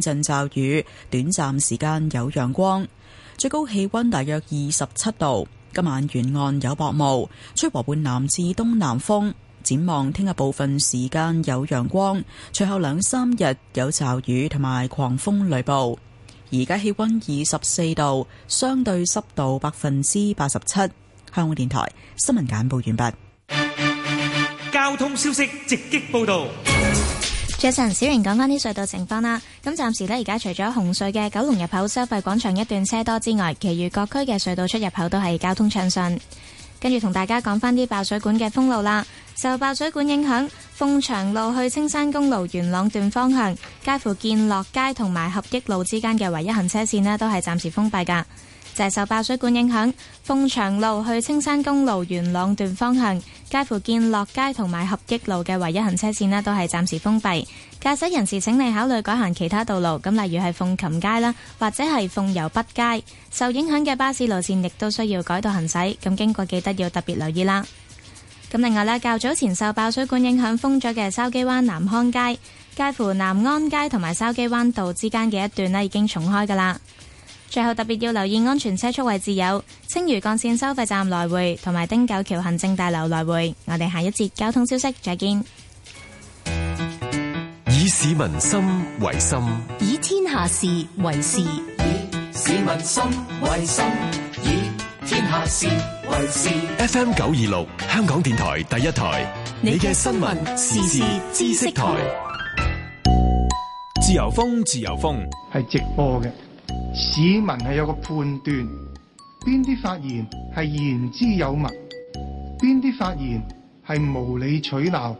陣驟雨，短暫時間有陽光，最高氣溫大約二十七度。今晚沿岸有薄霧，吹和緩南至東南風。展望聽日部分時間有陽光，隨後兩三日有驟雨同埋狂風雷暴。而家氣溫二十四度，相對濕度百分之八十七。香港電台新聞簡報完畢。交通消息直擊報道。早晨，小瑩講翻啲隧道情況啦。咁暫時呢，而家除咗紅隧嘅九龍入口收費廣場一段車多之外，其餘各區嘅隧道出入口都係交通暢順。跟住同大家講翻啲爆水管嘅封路啦。受爆水管影響，鳳翔路去青山公路元朗段方向，介乎建樂街同埋合益路之間嘅唯一行車線呢，都係暫時封閉㗎。就係受爆水管影響，鳳翔路去青山公路元朗段方向，介乎建樂街同埋合益路嘅唯一行車線咧，都係暫時封閉。駕駛人士請你考慮改行其他道路，咁例如係鳳琴街啦，或者係鳳遊北街。受影響嘅巴士路線亦都需要改道行駛，咁經過記得要特別留意啦。咁另外咧，較早前受爆水管影響封咗嘅筲箕灣南康街，介乎南安街同埋筲箕灣道之間嘅一段咧，已經重開噶啦。最後特別要留意安全車速位置，有青嶼幹線收費站來回同埋汀九橋行政大樓來回。我哋下一節交通消息再見。以市民心為心，以天下事為事。以市民心為心，以天下事為事。FM 九二六香港電台第一台，你嘅新聞時事知識台，自由風，自由風係直播嘅。市民係有個判斷，邊啲發言係言之有物，邊啲發言係無理取鬧。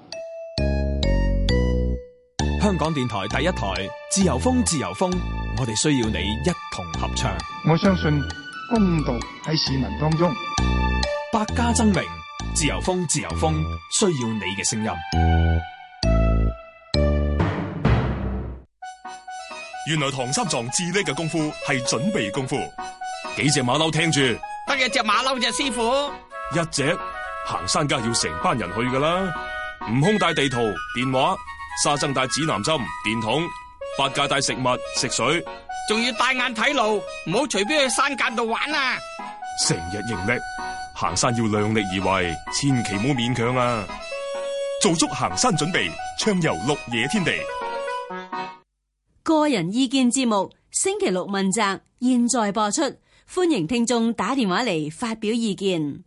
香港電台第一台，自由風，自由風，我哋需要你一同合唱。我相信公道喺市民當中。百家爭鳴，自由風，自由風，需要你嘅聲音。原來唐三藏智叻嘅功夫係準備功夫，幾隻馬騮聽住，得一隻馬騮只師傅，一只行山梗係要成班人去噶啦。悟空帶地圖、電話，沙僧帶指南針、電筒，八戒帶食物、食水，仲要帶眼睇路，唔好隨便去山間度玩啊！成日盈力行山要量力而為，千祈唔好勉強啊！做足行山準備，暢遊綠野天地。個人意見節目星期六問責，現在播出，歡迎聽眾打電話嚟發表意見。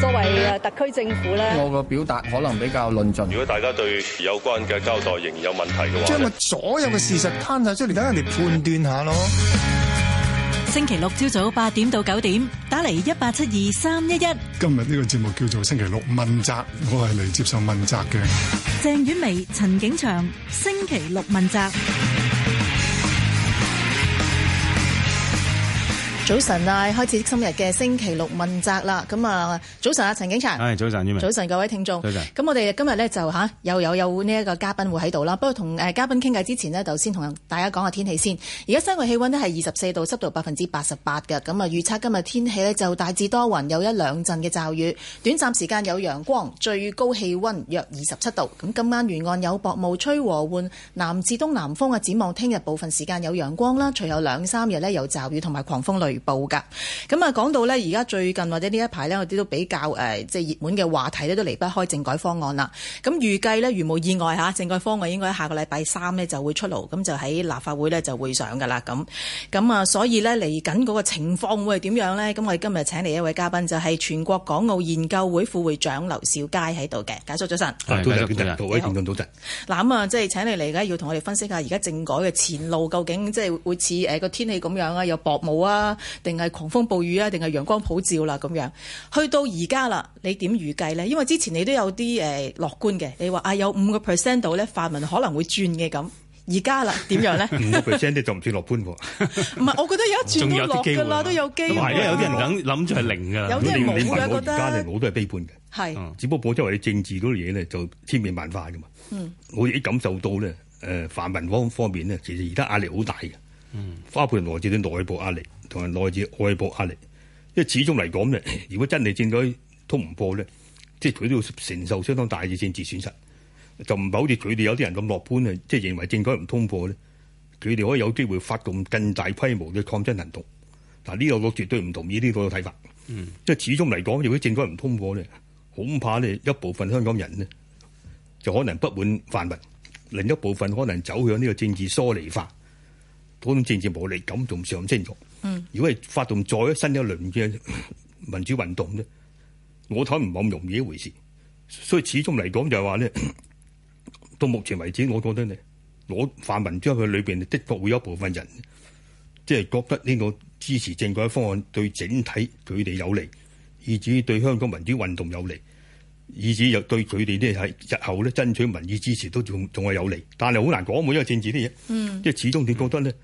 作為特區政府呢，我嘅表達可能比較論盡。如果大家對有關嘅交代仍然有問題嘅話，將我所有嘅事實攤晒出嚟，等人哋判斷下咯。星期六朝早八點到九點，打嚟一八七二三一一。今日呢個節目叫做星期六問責，我係嚟接受問責嘅。鄭婉薇、陳景祥，星期六問責。早晨啊，開始今日嘅星期六問責啦。咁啊，早晨啊，陳景祥。早晨，早晨，早晨各位聽眾。早晨。咁我哋今日咧就嚇又、啊、有又呢一個嘉賓會喺度啦。不過同誒嘉賓傾偈之前呢，就先同大家講下天氣先。而家室外氣温呢，係二十四度，濕度百分之八十八嘅。咁啊預測今日天，天氣呢，就大致多雲，有一兩陣嘅驟雨，短暫時間有陽光，最高氣温約二十七度。咁今晚沿岸有薄霧，吹和緩南至東南風啊。展望聽日部分時間有陽光啦，隨後兩三日呢，有驟雨同埋狂風雷。預報噶，咁啊講到呢，而家最近或者呢一排呢，我哋都比較誒，即係熱門嘅話題咧，都離不開政改方案啦。咁預計呢，如無意外吓，政改方案應該下個禮拜三呢就會出爐，咁就喺立法會呢，就會上噶啦。咁，咁啊，所以呢，嚟緊嗰個情況會係點樣呢？咁我哋今日請嚟一位嘉賓就係、是、全國港澳研究會副會長劉兆佳喺度嘅，佳叔早晨。多謝，多謝，嗱咁啊，即係、嗯、請你嚟咧，要同我哋分析下而家政改嘅前路究竟即係會似誒個天氣咁樣啊，有薄霧啊？定係狂風暴雨啊，定係陽光普照啦、啊，咁樣去到而家啦，你點預計呢？因為之前你都有啲誒、呃、樂觀嘅，你話啊有五個 percent 度咧，泛民可能會轉嘅咁。而家啦點樣呢？五個 percent 就唔算樂觀喎。唔 係，我覺得有一轉都落嘅啦，有都有機會、啊。同埋有啲人諗住係零嘅。有啲模糊嘅覺得。家咧，我都係悲觀嘅。係是，只不過即係話，政治嗰啲嘢呢，就千變萬化嘅嘛。嗯、我已經感受到咧，誒、呃、泛民方方面呢，其實而家壓力好大嘅。包括來自啲內部壓力。同埋來自外部壓力，因為始終嚟講咧，如果真係政改通唔過咧，即係佢都要承受相當大嘅政治損失，就唔係好似佢哋有啲人咁樂觀啊，即係認為政改唔通過咧，佢哋可以有機會發動更大規模嘅抗爭行動。嗱，呢個我絕對唔同意呢個睇法。嗯，即係始終嚟講，如果政改唔通過咧，恐怕咧一部分香港人呢，就可能不滿泛民，另一部分可能走向呢個政治疏離化。嗰種政治無力感仲上升咗。如果係發動再新一輪嘅民主運動咧，我睇唔係咁容易一回事。所以始終嚟講就係話咧，到目前為止我覺得咧，攞泛民主入去裏邊的確會有一部分人即係覺得呢個支持政改方案對整體佢哋有利，以至於對香港民主運動有利，以至又對佢哋呢，係日後咧爭取民意支持都仲仲係有利，但係好難講，因為政治啲嘢、嗯嗯嗯，即係始終你覺得咧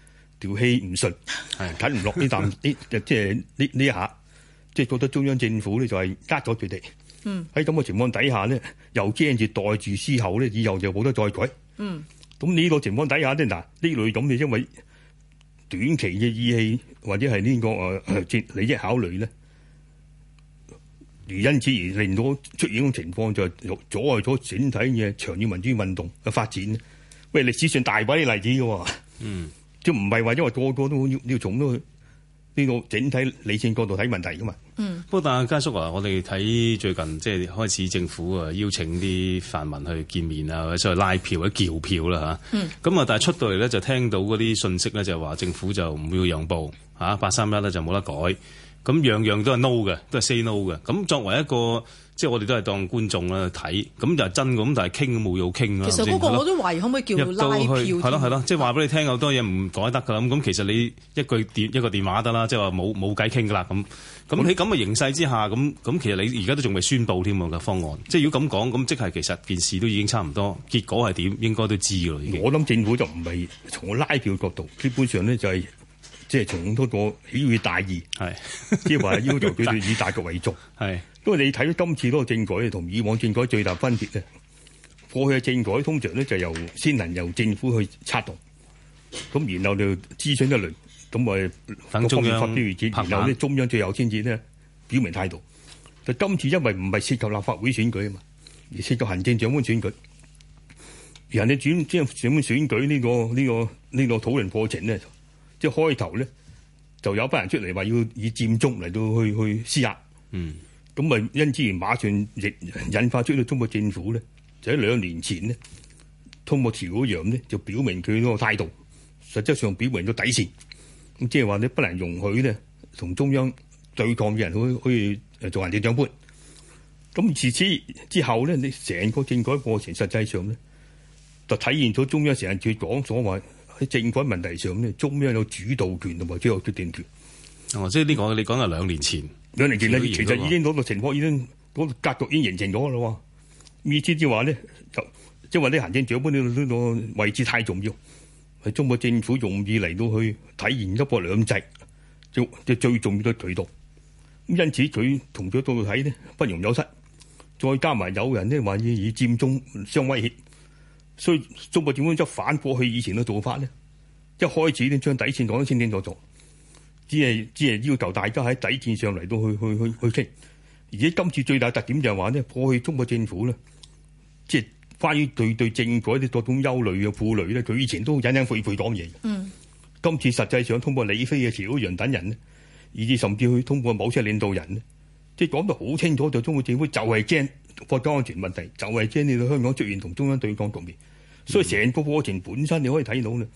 條氣唔順，係睇唔落呢啖啲，即係呢呢下，即係覺得中央政府咧就係呃咗佢哋。喺咁嘅情況底下咧，又驚住袋住之後咧，以後就冇得再改。咁、嗯、呢、這個情況底下咧，嗱呢類咁嘅因為短期嘅意氣，或者係呢、這個誒利益考慮咧。因此而令到出現咁情況，就是、阻礙咗整體嘅長遠民主運動嘅發展。喂，歷史上大把啲例子嘅，嗯，就唔係話因為個個都要要去呢個整體理性角度睇問題嘅嘛。嗯，不過但係家叔啊，我哋睇最近即係開始政府啊，邀請啲泛民去見面啊，或者拉票啊、叫票啦嚇。咁、嗯、啊，但係出到嚟咧就聽到嗰啲信息咧，就話政府就唔會讓步嚇，八三一咧就冇得改。咁樣樣都係 no 嘅，都係 say no 嘅。咁作為一個，即係我哋都係當觀眾啦睇。咁就係真嘅，咁但係傾冇嘢好傾咯。其實嗰個我都懷疑可唔可以叫拉票？係咯係咯，即係話俾你聽，好多嘢唔改得㗎啦。咁其實你一句電一個電話得啦，即係話冇冇計傾㗎啦咁。咁喺咁嘅形勢之下，咁咁其實你而家都仲未宣佈添㗎方案。即係如果咁講，咁即係其實件事都已經差唔多。結果係點應該都知㗎啦。我諗政府就唔係從我拉票嘅角度，基本上咧就係、是。即係從多個曉以大義，係即係話要求佢哋以大局為重，係。 因為你睇到今次嗰個政改同以往政改最大分別咧，過去嘅政改通常咧就由先能由政府去策動，咁然後就諮詢一輪，咁咪，各方面發表意見，然後呢，中央，後中央最後先至呢表明態度。但 今次因為唔係涉及立法會選舉啊嘛，而涉及行政長官選舉，人哋主即係長官選舉呢、這個呢、這個呢、這個討論過程咧。這個即係開頭咧，就有一班人出嚟話要以佔中嚟到去去施壓，咁、嗯、咪因之然馬上亦引發出中國政府咧，就喺兩年前呢，通過條一樣咧，就表明佢嗰個態度，實際上表明咗底線，咁即係話你不能容許咧同中央對抗嘅人可以可以做行政長官，咁自此之後咧，你成個政改過程實際上咧，就體現咗中央成日主講所謂。政府問題上咧，中央有主導權同埋最後決定權。哦，即係呢個你講係兩年前，兩年前呢，其實已經嗰個情況，那個，已經嗰，那個，格局已經形成咗啦喎。意思即係話咧，就即係話呢，行政長官呢個位置太重要，係中國政府容易嚟到去體現一國兩制，就即係最重要嘅渠道。因此佢同咗到度睇呢，不容有失。再加埋有人呢，話要以佔中相威脅。所以中國政府即反過去以前嘅做法咧，一開始咧將底線講得清清楚楚，只係只係要求大家喺底線上嚟到去去去去傾。而且今次最大特點就係話咧，過去中國政府咧，即係關於對對政改啲各種憂慮嘅負累咧，佢以前都隱隱晦晦講嘢。嗯，今次實際上通過李飛嘅好云等人咧，甚至甚至去通過某些領導人咧，即係講得好清楚，就中國政府就係驚國家安全問題，就係驚你喺香港出現同中央對抗局面。所以成個過程本身你可以睇到咧，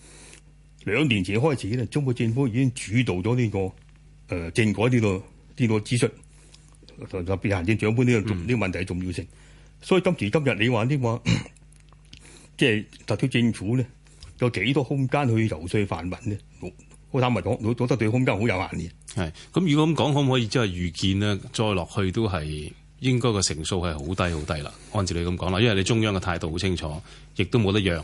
兩、嗯、年前開始咧，中國政府已經主導咗呢、這個誒、呃、政改呢、這個呢、這個諮詢，特別行政長官呢、這個呢、這個問題嘅重要性。嗯、所以今時今日你話啲話，即係、 就是、特區政府咧有幾多空間去遊說泛民咧？我坦白講，我覺得對空間好有限嘅。係，咁如果咁講，可唔可以即係預見咧？再落去都係。應該個成數係好低好低啦，按照你咁講啦，因為你中央嘅態度好清楚，亦都冇得讓，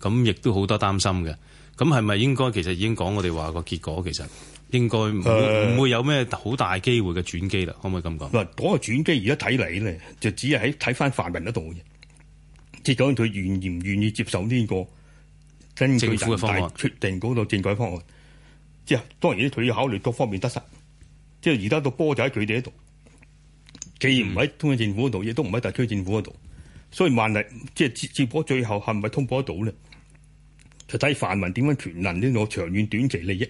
咁亦都好多擔心嘅。咁係咪應該其實已經講我哋話個結果其實應該唔會，呃、會有咩好大機會嘅轉機啦？可唔可以咁講？嗱，嗰個轉機而家睇嚟咧，就只係喺睇翻泛民嗰度嘅，即講佢願唔願意接受呢個政府嘅方案，決定嗰個政改方案。即係當然佢要考慮各方面得失。即係而家個波就喺佢哋喺度。既然唔喺中央政府嗰度，亦都唔喺特區政府嗰度，所以萬一即係接接駁，不最後係唔係通過得到咧？就睇泛民點樣權能呢個長遠短期利益，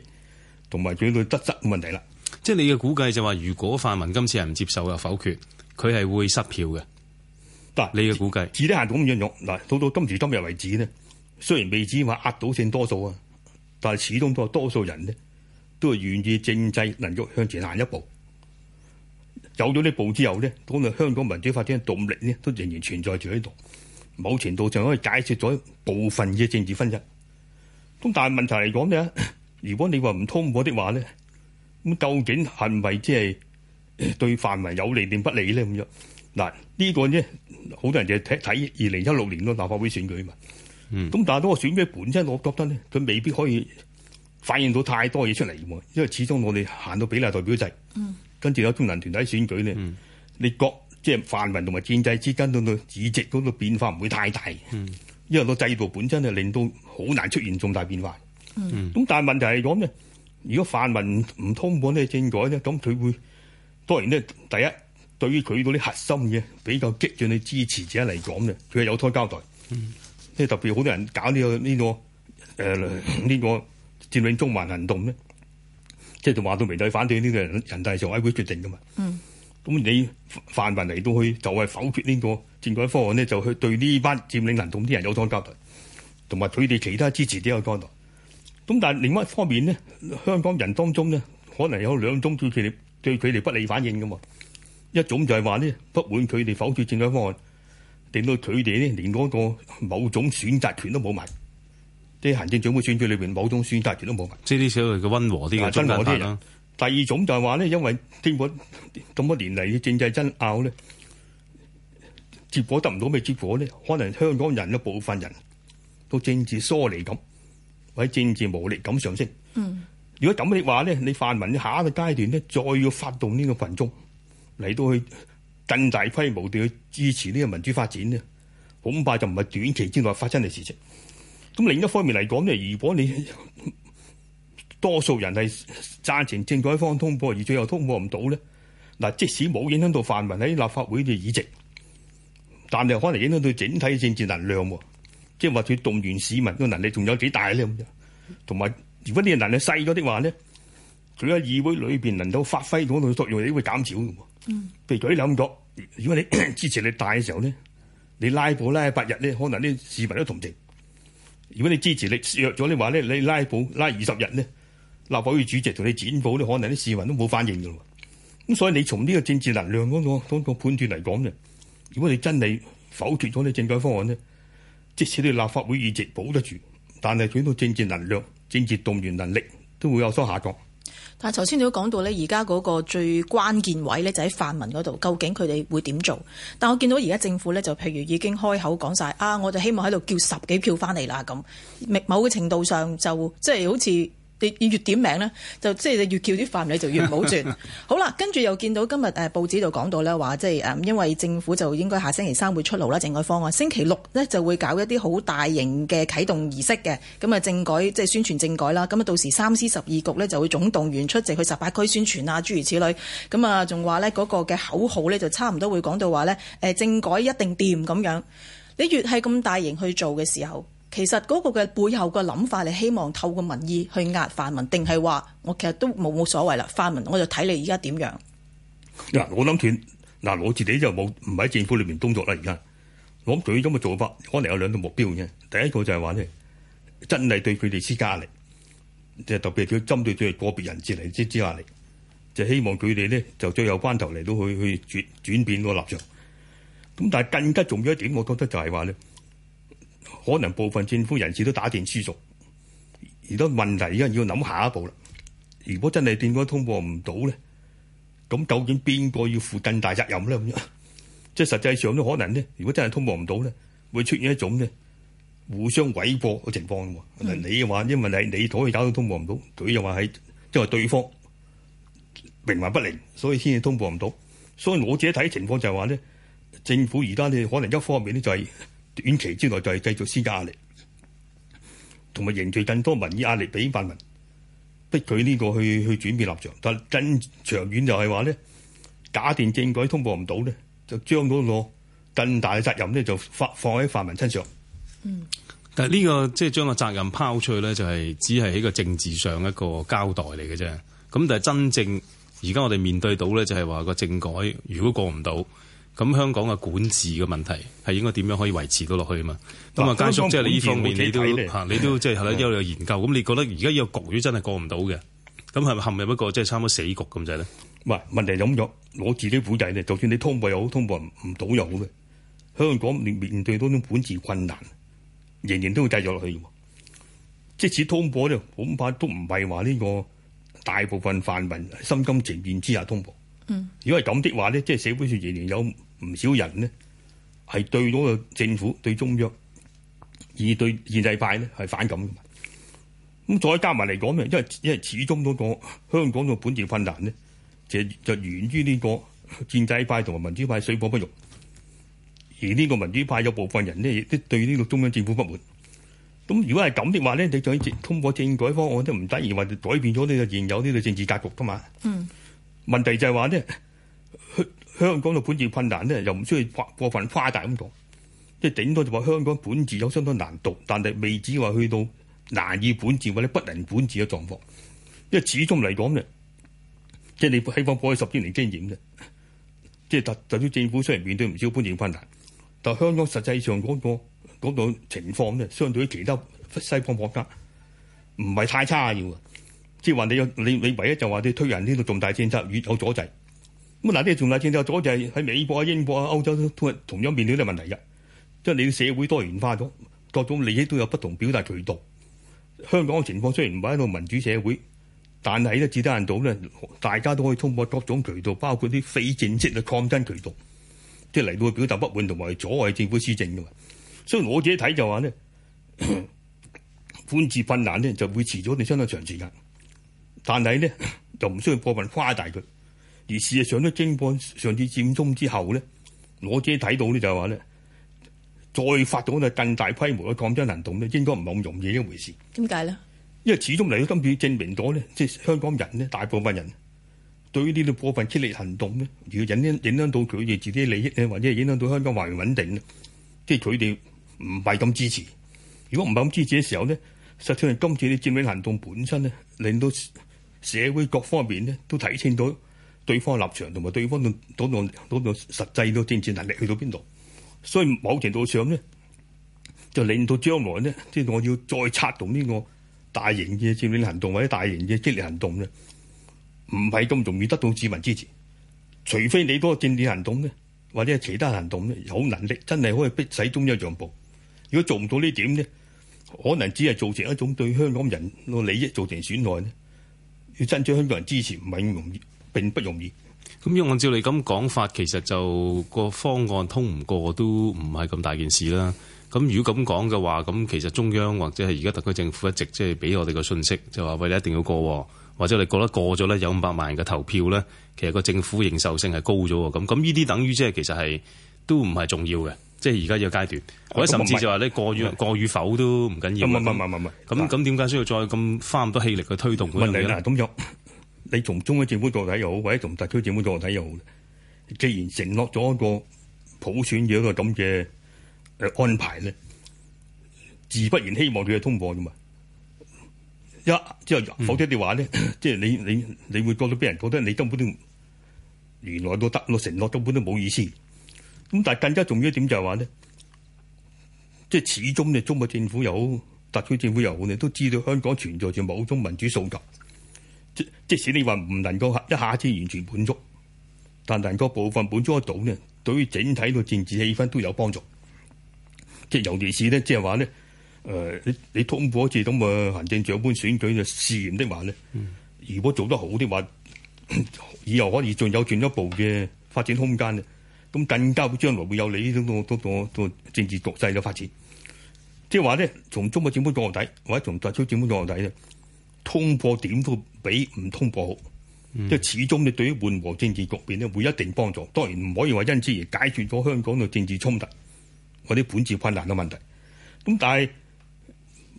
同埋講到得失問題啦。即係你嘅估計就話，如果泛民今次係唔接受又否決，佢係會失票嘅。得，你嘅估計，只得行到咁樣用，嗱，到到今時今日為止咧，雖然未至話壓倒性多數啊，但係始終都係多數人咧都係願意政制能夠向前行一步。有咗呢步之後咧，咁啊香港民主發展嘅動力咧都仍然存在住喺度，某程度上可以解釋咗部分嘅政治紛爭。咁但係問題嚟講咧，如果你話唔通過的話咧，咁究竟係咪即係對泛民有利定不利咧？咁樣嗱呢個咧，好多人就睇睇二零一六年個立法會選舉嘛。咁、嗯、但係嗰個選舉本身，我覺得咧佢未必可以反映到太多嘢出嚟，因為始終我哋行到比例代表制。嗯跟住有中民團體選舉咧、嗯，你國即係泛民同埋建制之間到到議席嗰度變化唔會太大，嗯、因為個制度本身係令到好難出現重大變化。咁、嗯、但係問題係講咩？如果泛民唔通過呢個政改咧，咁佢會當然咧，第一對於佢嗰啲核心嘅比較激進嘅支持者嚟講咧，佢係有拖交代。即、嗯、係特別好多人搞呢、這個呢、這個誒呢、這個佔領、這個、中環行動咧。即係話到民代反對呢個人，人大常委會決定噶嘛？嗯，咁你泛民嚟到去就係否決呢個政改方案咧，就去對呢班佔領行動啲人有所交代，同埋佢哋其他支持者嘅交代。咁但係另外一方面咧，香港人當中咧，可能有兩種對佢哋對佢哋不利反應㗎嘛。一種就係話咧，不滿佢哋否決政改方案，令到佢哋咧連嗰個某種選擇權都冇埋。啲行政長官選舉裏邊某種選擇亦都冇，即啲所謂嘅温和啲嘅、就是、真和啲啦。第二種就係話咧，因為經過咁多年嚟嘅政制爭拗咧，結果得唔到咩結果咧？可能香港人一部分人都政治疏離感，或者政治無力感上升。嗯，如果咁嘅話咧，你泛民下一個階段咧，再要發動呢個群眾嚟到去更大規模地去支持呢個民主發展咧，恐怕就唔係短期之內發生嘅事情。咁另一方面嚟講咧，如果你多數人係贊成政改方案通過，而最後通過唔到咧，嗱，即使冇影響到泛民喺立法會嘅議席，但係可能影響到整體政治能量，即係話佢動員市民嘅能力仲有幾大咧咁樣，同埋，如果呢個能力細咗的話咧，佢喺議會裏邊能夠發揮嗰度作用，你都會減少嘅。譬如舉例咁講，如果你咳咳支持力大嘅時候咧，你拉布拉八日咧，可能啲市民都同情。如果你支持力削弱咗你話咧，你拉布拉二十日咧，立法會主席同你剪布咧，可能啲市民都冇反應嘅喎。咁所以你從呢個政治能量嗰個判斷嚟講咧，如果你真係否決咗你政改方案咧，即使你立法會議席保得住，但係佢都政治能量、政治動員能力都會有所下降。但係頭先你都講到咧，而家嗰個最關鍵位咧就喺泛民嗰度，究竟佢哋會點做？但我見到而家政府咧就譬如已經開口講晒：「啊我哋希望喺度叫十幾票翻嚟啦。」咁，某個程度上就即係、就是、好似。你越點名咧，就即係你越叫啲犯人就越唔 好轉。好啦，跟住又見到今日誒報紙度講到咧，話即係因為政府就應該下星期三會出爐啦，政改方案，星期六咧就會搞一啲好大型嘅啟動儀式嘅，咁啊政改即係宣傳政改啦。咁啊到時三司十二局咧就會總動員出席去十八區宣傳啊，諸如此類。咁啊仲話咧嗰個嘅口號咧就差唔多會講到話咧政改一定掂咁樣。你越係咁大型去做嘅時候。其實嗰個嘅背後嘅諗法，你希望透過民意去壓泛民，定係話我其實都冇冇所謂啦？泛民我看，嗯啊，我就睇你而家點樣。嗱，我諗斷，嗱，啊，我自己就冇唔喺政府裏面工作啦。而家我諗咁最終嘅做法，可能有兩個目標嘅啫。第一個就係話呢，真係對佢哋施加壓力，即係特別佢針對住個別人士嚟，施施壓力，就是，希望佢哋呢，就最後關頭嚟到去去轉轉變個立場。咁但係更加重要一點，我覺得就係話呢。可能部分政府人士都打定輸數，而家問題而家要諗下一步啦。如果真係政改通過唔到咧，咁究竟邊個要負更大責任咧？咁樣即係實際上都可能咧，如果真係通過唔到咧，會出現一種咧互相委過嘅情況。嗯、你又話因為你你可以搞到通過唔到，佢又話係即係對方冥頑不靈，所以先至通過唔到。所以我自己睇情況就係話咧，政府而家咧可能一方面咧就係、是。短期之內就係繼續施加壓力，同埋凝聚更多民意壓力俾泛民，逼佢呢個去去轉變立場。但係更長遠就係話咧，假定政改通過唔到咧，就將嗰個更大嘅責任咧就發放喺泛民身上。嗯，但係呢、這個即係、就是、將個責任拋出去，咧，就係、是、只係喺個政治上一個交代嚟嘅啫。咁但係真正而家我哋面對到咧，就係話個政改如果過唔到。咁香港嘅管治嘅問題係應該點樣可以維持到落去啊嘛？咁啊，佳叔即係呢方面你都你都即係、 即係即係嗯、有啲有研究。咁你覺得而家要局咗真係過唔到嘅，咁係咪陷入一個即係、即係、差唔多死局咁滯咧？唔、啊、係問題我自己估計咧，就算你通過又好，通過唔到又好嘅。香港面面對多種管治困難，仍然都會繼續落去。即使通過咧，恐怕都唔係話呢個大部分泛民心甘情願之下通過。嗯、如果係咁的話咧，即係社會上仍然有唔少人呢係對嗰個政府、對中央，而對建制派呢係反感。咁再加埋嚟講咧，因為因為始終嗰個香港嘅本地困難呢，就就源於呢個建制派同埋民主派水火不容。而呢個民主派有部分人呢，亦都對呢個中央政府不滿。咁如果係咁的話咧，你再通過政改方案都唔等於話改變咗呢個現有呢個政治格局噶嘛？嗯。問題就係話呢，香港嘅本治困難呢，又唔需要過分誇大咁講，即係頂多就話香港本治有相當難度，但係未至話去到難以本治或者不能本治嘅狀況，因為始終嚟講呢，即係你西方過去十幾年經驗啫，即係特特區政府雖然面對唔少本治困難，但香港實際上嗰、嗰個、嗰個情況呢，相對於其他西方國家唔係太差要啊。即係話你有你你唯一就話你推行呢個重大政策有阻滯，咁嗱啲重大政策阻滯喺美國啊、英國啊、歐洲都同樣面對啲問題嘅，即係你嘅社會多元化咗，各種利益都有不同表達渠道。香港嘅情況雖然唔係喺度民主社會，但係咧，至得人到咧，大家都可以通過各種渠道，包括啲非正式嘅抗爭渠道，即係嚟到去表達不滿同埋阻礙政府施政嘅。所以我自己睇就話咧，管 治困難咧就會遲咗你相當長時間。但係咧就唔需要過分誇大佢，而事實上經過上次佔中之後咧，我自己睇到呢，就係話咧，再發動咧更大規模嘅抗爭行動咧，應該唔係咁容易一回事。點解咧？因為始終嚟到今次證明咗咧，即係香港人咧，大部分人對於呢啲過分激烈行動咧，如果引應影響到佢哋自己利益咧，或者影響到香港環境穩定，即係佢哋唔係咁支持。如果唔係咁支持嘅時候咧，實際上今次啲佔領行動本身咧，令到社會各方面呢都睇清楚對方立場，同埋對方嘅實際嘅政治能力去到邊度，所以某程度上呢就令到將來呢，即係我要再策動呢個大型嘅佔領行動或者大型嘅激烈行動呢，唔係咁容易得到市民支持，除非你個佔領行動呢，或者係其他行動呢，有能力真係可以逼使中央讓步。如果做唔到呢點呢，可能只係造成一種對香港人嘅利益造成損害呢。要爭取香港人支持唔係咁容易，並不容易。咁樣按照你咁講法，其實就個方案通唔過都唔係咁大件事啦。咁如果咁講嘅話，咁其實中央或者係而家特區政府一直即係俾我哋個信息，就話喂，你一定要過，或者你覺得過咗咧，有五百萬人嘅投票咧，其實個政府認受性係高咗，咁咁呢啲等於即係其實係都唔係重要嘅。即係而家呢個階段，或、哦、者甚至就話你過於過於，過與否都唔緊要。唔唔咁咁點解需要再咁花咁多氣力去推動佢？樣嘢咧？咁若你從中央政府角度睇又好，或者從特區政府角度睇又好，既然承諾咗一個普選嘅一個咁嘅誒安排咧，自不然希望佢係通過嘅嘛。一之後否則嘅話咧、嗯，即係你你你會覺得畀人覺得你根本都原來都得咯，承諾根本都冇意思。咁但更加重要一點就係話咧，即係始終咧，中國政府又好，特區政府又好咧，都知道香港存在住某種民主訴求。即即使你話唔能夠一下子完全滿足，但能夠部分滿足得到呢，對於整體個政治氣氛都有幫助。即尤其是呢，即係話呢，誒你你通過一次咁嘅行政長官選舉嘅試驗的話呢、嗯，如果做得好啲話，以後可以仲有進一步嘅發展空間。咁更加會將來會有利呢個多多政治局勢嘅發展，即係話咧，從中國政府角度睇，或者從特區政府角度睇咧，通過點都比唔通過好，即、嗯、係始終你對於緩和政治局面咧會一定幫助。當然唔可以話因此而解決咗香港嘅政治衝突嗰啲本質困難嘅問題。咁但係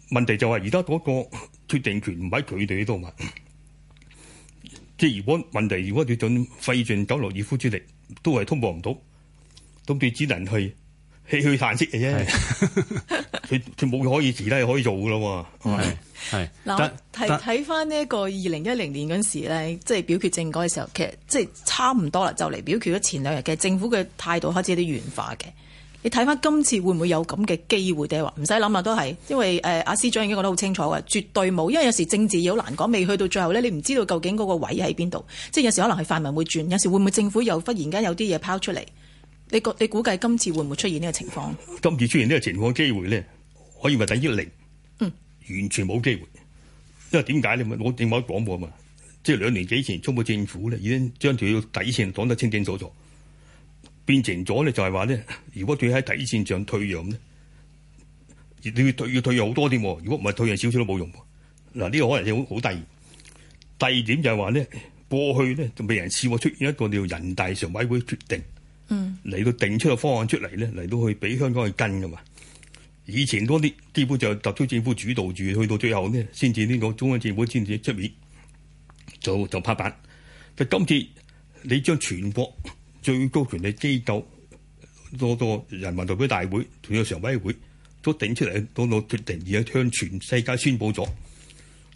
問題就係而家嗰個決定權唔喺佢哋呢度嘛？即係如果問題如果你盡費盡九牛二虎之力。都係通過唔到，咁佢只能係唏噓嘆息嘅啫。佢佢冇可以其他嘢可以做嘅咯喎。係係嗱，睇睇翻呢個二零一零年嗰時咧，即係表決政改嘅時候，其實即係差唔多啦，就嚟表決咗前兩日，嘅政府嘅態度開始有啲軟化嘅。你睇翻今次會唔會有咁嘅機會咧？話唔使諗啊，都係因為誒阿司長已經講得好清楚嘅，絕對冇。因為有時政治又好難講，未去到最後咧，你唔知道究竟嗰個位喺邊度。即係有時可能係泛民會轉，有時會唔會政府又忽然間有啲嘢拋出嚟？你你估計今次會唔會出現呢個情況？今次出現呢個情況機會咧，可以話等於零？嗯，完全冇機會。因為點解咧？我正話講過啊嘛，即係兩年幾前中國政府咧，已經將條底線講得清清楚楚。變成咗咧，就係話咧，如果佢喺底線上退讓咧，你要退要退讓好多啲。如果唔係退讓少少都冇用。嗱，呢個可能性好低。第二點就係話咧，過去咧就未人試過出現一個叫人大常委會決定，嚟到定出個方案出嚟咧，嚟到去俾香港去跟噶嘛。以前多啲，基本上就特區政府主導住，去到最後呢，先至呢個中央政府先至出面就做拍板。但今次你將全國，最高權力機構多多人民代表大會仲有常委會都頂出嚟，到到決定而家向全世界宣佈咗，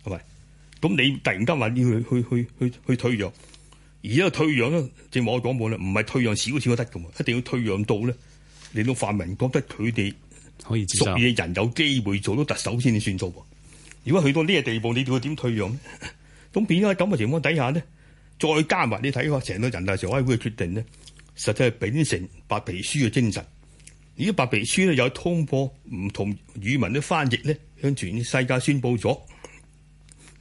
係咪？咁你突然間話要去去去去去退讓，而家退讓咧，正如我講過啦，唔係退讓少少得㗎嘛，一定要退讓到咧，令到泛民覺得佢哋可以接受。人有機會做到特首先，至算做。如果去到呢個地步，你會點退讓咧？咁變咗喺咁嘅情況底下咧？再加埋你睇個成個人大常委會嘅決定呢，實際係秉承白皮書嘅精神。而啲白皮書呢有通過唔同語文嘅翻譯呢，向全世界宣佈咗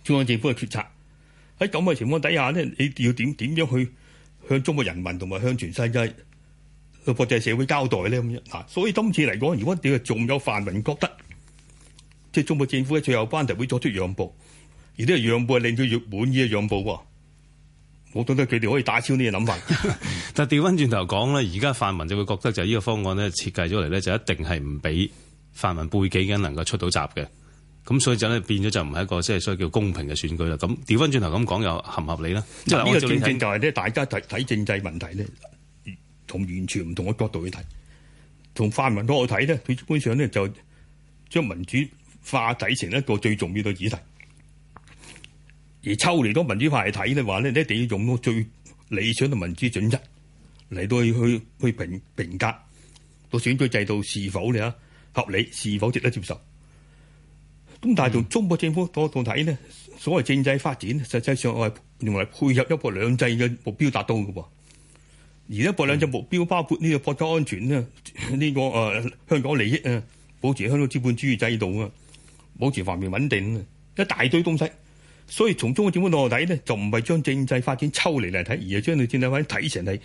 中央政府嘅決策。喺咁嘅情況底下呢，你要點點樣去向中國人民同埋向全世界國際社會交代呢？咁樣嗱？所以今次嚟講，如果點仲有泛民覺得即係中國政府喺最後關頭會作出讓步，而呢個讓步係令到越滿意嘅讓步喎。我覺得佢哋可以打消呢個諗法， 但調翻轉頭講咧，而家泛民就會覺得就係呢個方案咧設計咗嚟咧，就一定係唔俾泛民背景嘅能夠出到閘嘅，咁所以就咧變咗就唔係一個即係所謂叫公平嘅選舉啦。咁調翻轉頭咁講又合唔合理咧？即係呢個正正就係咧，大家睇睇政制問題咧，從完全唔同嘅角度去睇，從泛民嗰個睇咧，佢基本上咧就將民主化睇成一個最重要嘅議題。而抽離咗民主派嚟睇嘅話咧，你一定要用到最理想嘅民主準則嚟到去去去評評價個選舉制度是否合理，是否值得接受。咁但係從中國政府角度睇呢，所謂政制發展，實際上係用嚟配合一國兩制嘅目標達到㗎喎。而一國兩制目標包括呢個國家安全咧，呢、這個誒、呃、香港利益啊，保持香港資本主義制度啊，保持繁榮穩定啊，一大堆東西。所以從中國政府角度睇咧，就唔係將政制發展抽離嚟睇，而係將你政制發展睇成係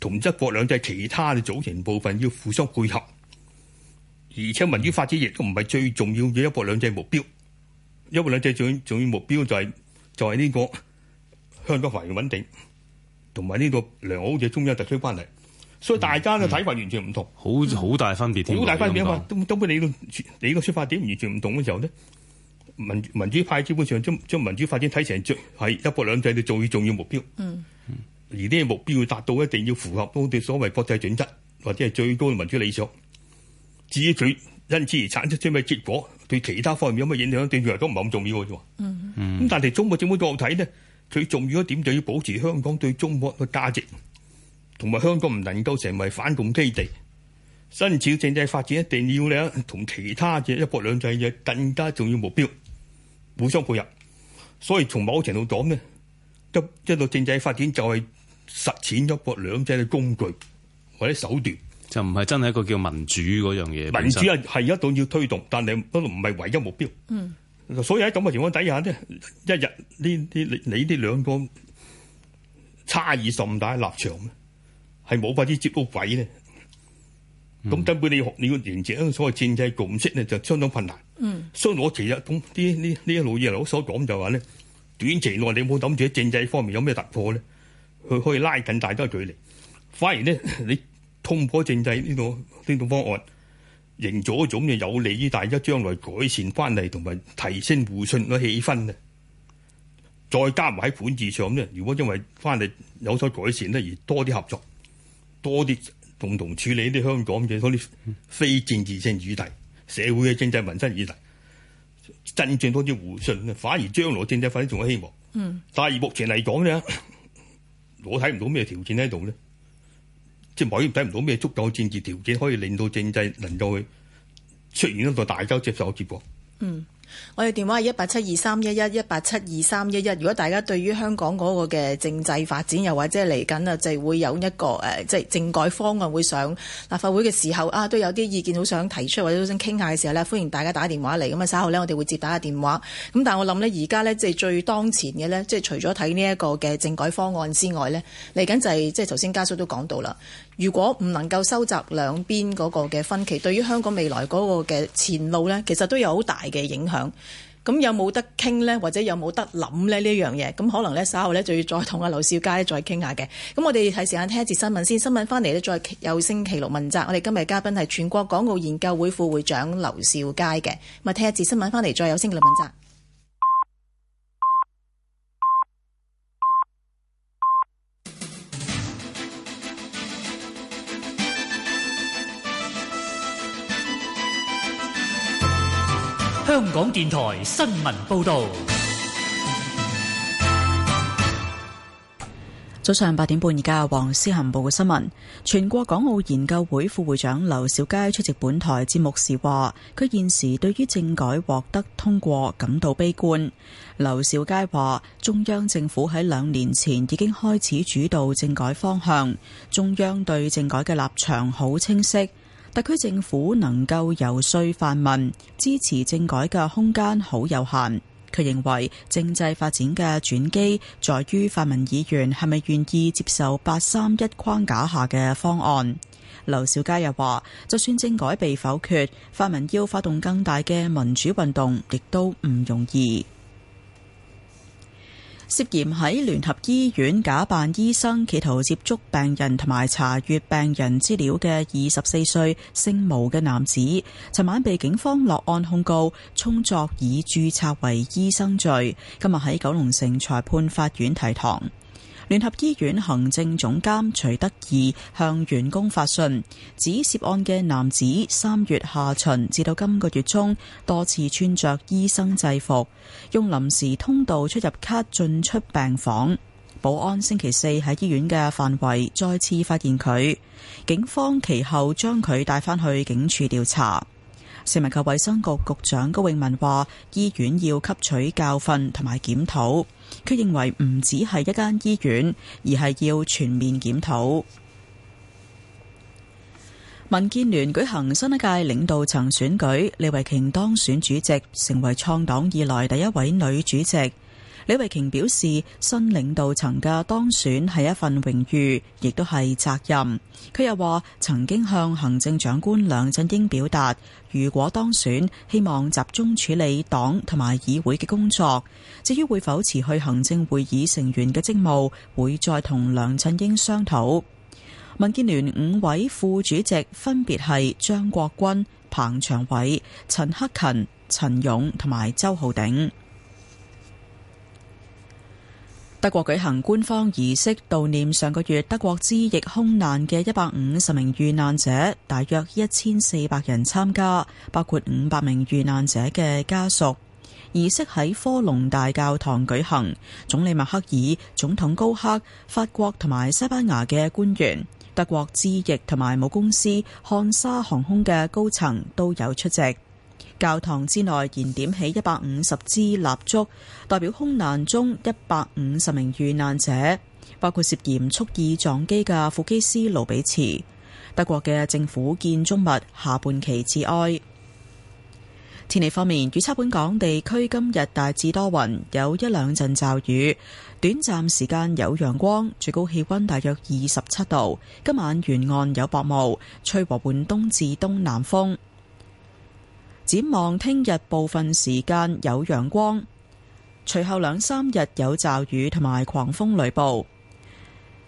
同一國兩制其他嘅組成部分要互相配合，而且民主發展亦都唔係最重要嘅一國兩制目標。一國兩制最重要目標就係、是、就係、是、呢個香港繁榮穩定，同埋呢個良好嘅中央特區關係。所以大家嘅睇法完全唔同，好、嗯、好大分別，好大分別啊！都都俾你個你個出發點完全唔同嘅時候呢。民民主派基本上將將民主發展睇成係一國兩制嘅最重要目標，嗯、而呢啲目標要達到，一定要符合我哋所謂國際準則或者係最高嘅民主理想。至於佢因此而產出啲咩結果，對其他方面有咩影響，對原嚟都唔係咁重要嘅啫。咁、嗯、但係中國政府角度睇咧，佢最重要一點就要保持香港對中國嘅價值，同埋香港唔能夠成為反共基地。新潮政制發展一定要咧同其他嘅一國兩制嘅更加重要目標互相配合，所以從某程度講呢，一即係政制發展就係實踐一國兩制嘅工具或者手段，就唔係真係一個叫民主嗰樣嘢。民主係係一度要推動，但係嗰度唔係唯一目標。嗯，所以喺咁嘅情況底下呢，一日呢啲你你呢兩個差異甚大嘅立場咧，係冇法啲接到位咧。咁根本你學你要營造所謂政制共識呢，就相當困難。嗯、所以我其實咁啲呢呢一路以來我所講就話咧，短期內你冇諗住喺政制方面有咩突破咧，佢可以拉近大家距離。反而呢，你通過政制呢、呢個呢種、呢個、方案，營造一種嘅有利於大家將來改善翻嚟同埋提升互信嘅氣氛咧。再加埋喺管治上咧，如果因為翻嚟有所改善咧，而多啲合作，多啲。共同，同處理啲香港嘅啲非政治性議題、社會嘅政治民生議題，增進多啲互信，反而將來政制反而仲有希望。嗯，但係目前嚟講咧，我睇唔到咩條件喺度咧，即係唔可以睇唔到咩足夠嘅政治條件可以令到政制能夠出現一個大家接受嘅結果。嗯。我哋電話係一八七二三一一一八七二三一一。如果大家對於香港嗰個嘅政制發展又或者係嚟緊啊，就會有一個誒，即係政改方案會上立法會嘅時候啊，都有啲意見好想提出或者好想傾下嘅時候呢，歡迎大家打電話嚟。咁啊稍後呢，我哋會接打下電話。咁但係我諗呢，而家呢，即係最當前嘅呢，即係除咗睇呢一個嘅政改方案之外呢，嚟緊就係即係頭先佳叔都講到啦。如果唔能夠收窄兩邊嗰個嘅分歧，對於香港未來嗰個嘅前路呢，其實都有好大嘅影響。咁有冇得傾呢？或者有冇得諗呢？呢樣嘢咁可能呢，稍後呢就要再同阿劉兆佳再傾下嘅。咁我哋睇時間聽一節新聞先，新聞翻嚟呢，再有星期六問責。我哋今日嘅嘉賓係全國港澳研究會副會長劉兆佳嘅，咪聽一節新聞翻嚟再有星期六問責。香港電台新聞報道。早上八點半，而家黃思恒報嘅新聞。全國港澳研究會副會長劉兆佳出席本台節目時話，佢現時對於政改獲得通過感到悲觀。劉兆佳話，中央政府喺兩年前已經開始主導政改方向，中央對政改嘅立場好清晰。特區政府能夠遊說泛民支持政改嘅空間好有限，佢認為政制發展嘅轉機在於泛民議員係咪願意接受八三一框架下嘅方案。劉兆佳又話：就算政改被否決，泛民要發動更大嘅民主運動，亦都唔容易。涉嫌喺聯合醫院假扮醫生企圖接觸病人同埋查閱病人資料嘅二十四歲姓毛嘅男子，尋晚被警方落案控告，充作以註冊為醫生罪。今日喺九龍城裁判法院提堂。聯合醫院行政總監徐德義，向員工發信，指涉案嘅男子三月下旬至到今個月中多次穿着醫生制服，用臨時通道出入卡進出病房。保安星期四喺醫院嘅範圍再次發現佢，警方其後將佢帶返去警署調查。食物及衛生局局長高永文話：醫院要吸取教訓同埋檢討，佢認為唔止係一間醫院，而係要全面檢討。民建聯舉行新一屆領導層選舉，李慧瓊當選主席，成為創黨以來第一位女主席。李慧瓊表示，新領導層嘅當選係一份榮譽，亦都係責任。佢又話，曾經向行政長官梁振英表達，如果當選，希望集中處理黨同埋議會嘅工作。至於會否辭去行政會議成員嘅職務，會再同梁振英商討。民建聯五位副主席分別係張國軍、彭長偉、陳克勤、陳勇同埋周浩鼎。德國舉行官方儀式悼念上個月德國之翼空難嘅一百五十名遇難者，大約一千四百人參加，包括五百名遇難者嘅家屬。儀式喺科隆大教堂舉行，總理默克爾、總統高克、法國同埋西班牙嘅官員、德國之翼同埋母公司漢莎航空嘅高層都有出席。教堂之內燃點起一百五十支蠟燭，代表空難中一百五十名遇難者，包括涉嫌蓄意撞機嘅副機師盧比茨。德國嘅政府建築物下半旗致哀。天氣方面，預測本港地區今日大致多雲，有一兩陣驟雨，短暫時間有陽光，最高氣溫大約二十七度。今晚沿岸有薄霧，吹和緩東至東南風。展望聽日部分時間有陽光，隨後兩三日有驟雨同埋狂風雷暴。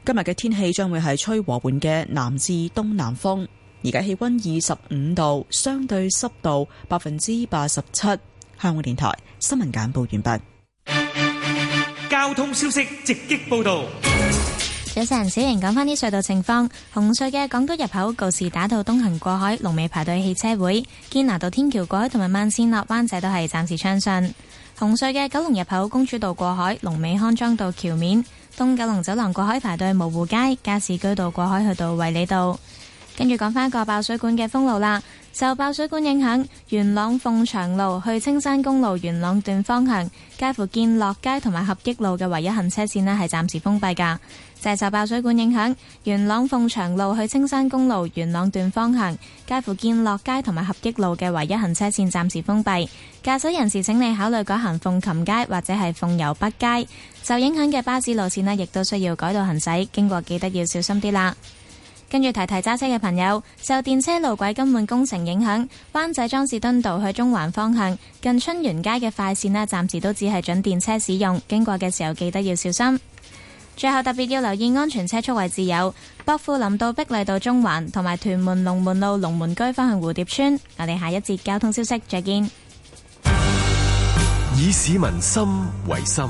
今日嘅天氣將會係吹和緩嘅南至東南風。而家氣溫二十五度，相對濕度百分之八十七。香港電台新聞簡報完畢。交通消息直擊報道。早晨，小瑩講返啲隧道情況，紅隧嘅港島入口告士打道東行過海龍尾排隊汽車會，堅拿道天橋過海同埋慢線落灣仔都係暫時暢順。紅隧嘅九龍入口公主道過海龍尾康莊道橋面，東九龍走廊過海排隊蕪湖街，加士居道過海去到衞理道。跟住講返個爆水管嘅封路啦。受爆水管影響，元朗鳳翔路去青山公路元朗段方向介乎建樂街同埋合益路嘅唯一行車線呢係暫時封閉噶。就受爆水管影響，元朗鳳翔路去青山公路元朗段方向介乎建樂街同埋合益路嘅唯一行車線暫時封閉。駕駛人士請你考慮改行鳳琴街或者係鳳遊北街。受影響嘅巴士路線呢，亦都需要改道行駛，經過記得要小心啲啦。跟住提提揸車嘅朋友，受電車路軌更換工程影響，灣仔莊士敦道去中環方向近春園街嘅快線呢，暫時都只係準電車使用，經過嘅時候記得要小心。最後特別要留意安全車速位置有薄扶林道、碧麗道、中環同埋屯門龍門路龍門居方向蝴蝶村。我哋下一節交通消息再見。以市民心為心，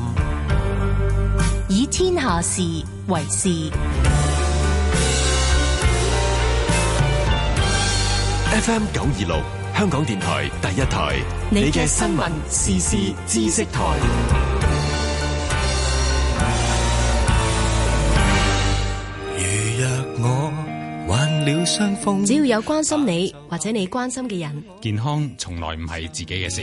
以天下事為事。FM 九二六，香港電台第一台，你嘅新聞時事知識台。如若我患了傷風，只要有關心你或者你關心嘅人，健康從來唔係自己嘅事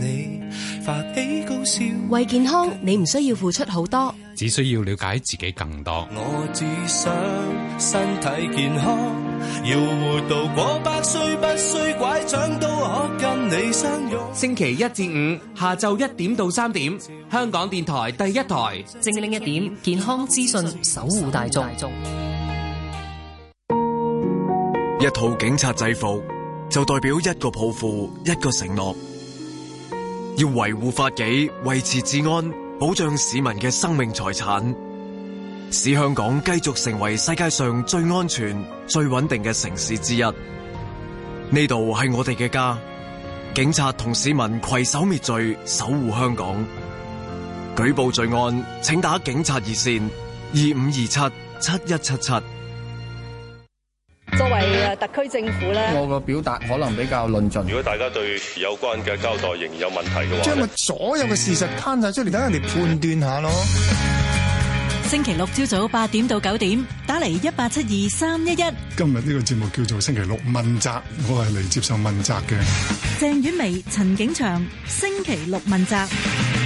你發高笑。為健康，你唔需要付出好多，只需要了解自己更多。我只想身體健康。要活到百歲不需拐杖都可跟你相擁。星期一至五下晝一點到三點，香港電台第一台精靈一點健康資訊，守護大眾。一套警察制服就代表一個抱負，一個承諾，要維護法紀，維持治安，保障市民嘅生命財產。使香港繼續成為世界上最安全、最穩定嘅城市之一。呢度係我哋嘅家，警察同市民攜手滅罪，守護香港。舉報罪案，請打警察熱線二五二七七一七七。作為特區政府咧，我個表達可能比較論盡。如果大家對有關嘅交代仍然有問題嘅話，將、就是、我所有嘅事實攤晒出嚟，等人哋判斷下咯。星期六朝早八點到九點，打嚟一八七二三一一。今日呢個節目叫做星期六問責，我係嚟接受問責嘅。鄭婉薇、陳景祥，星期六問責。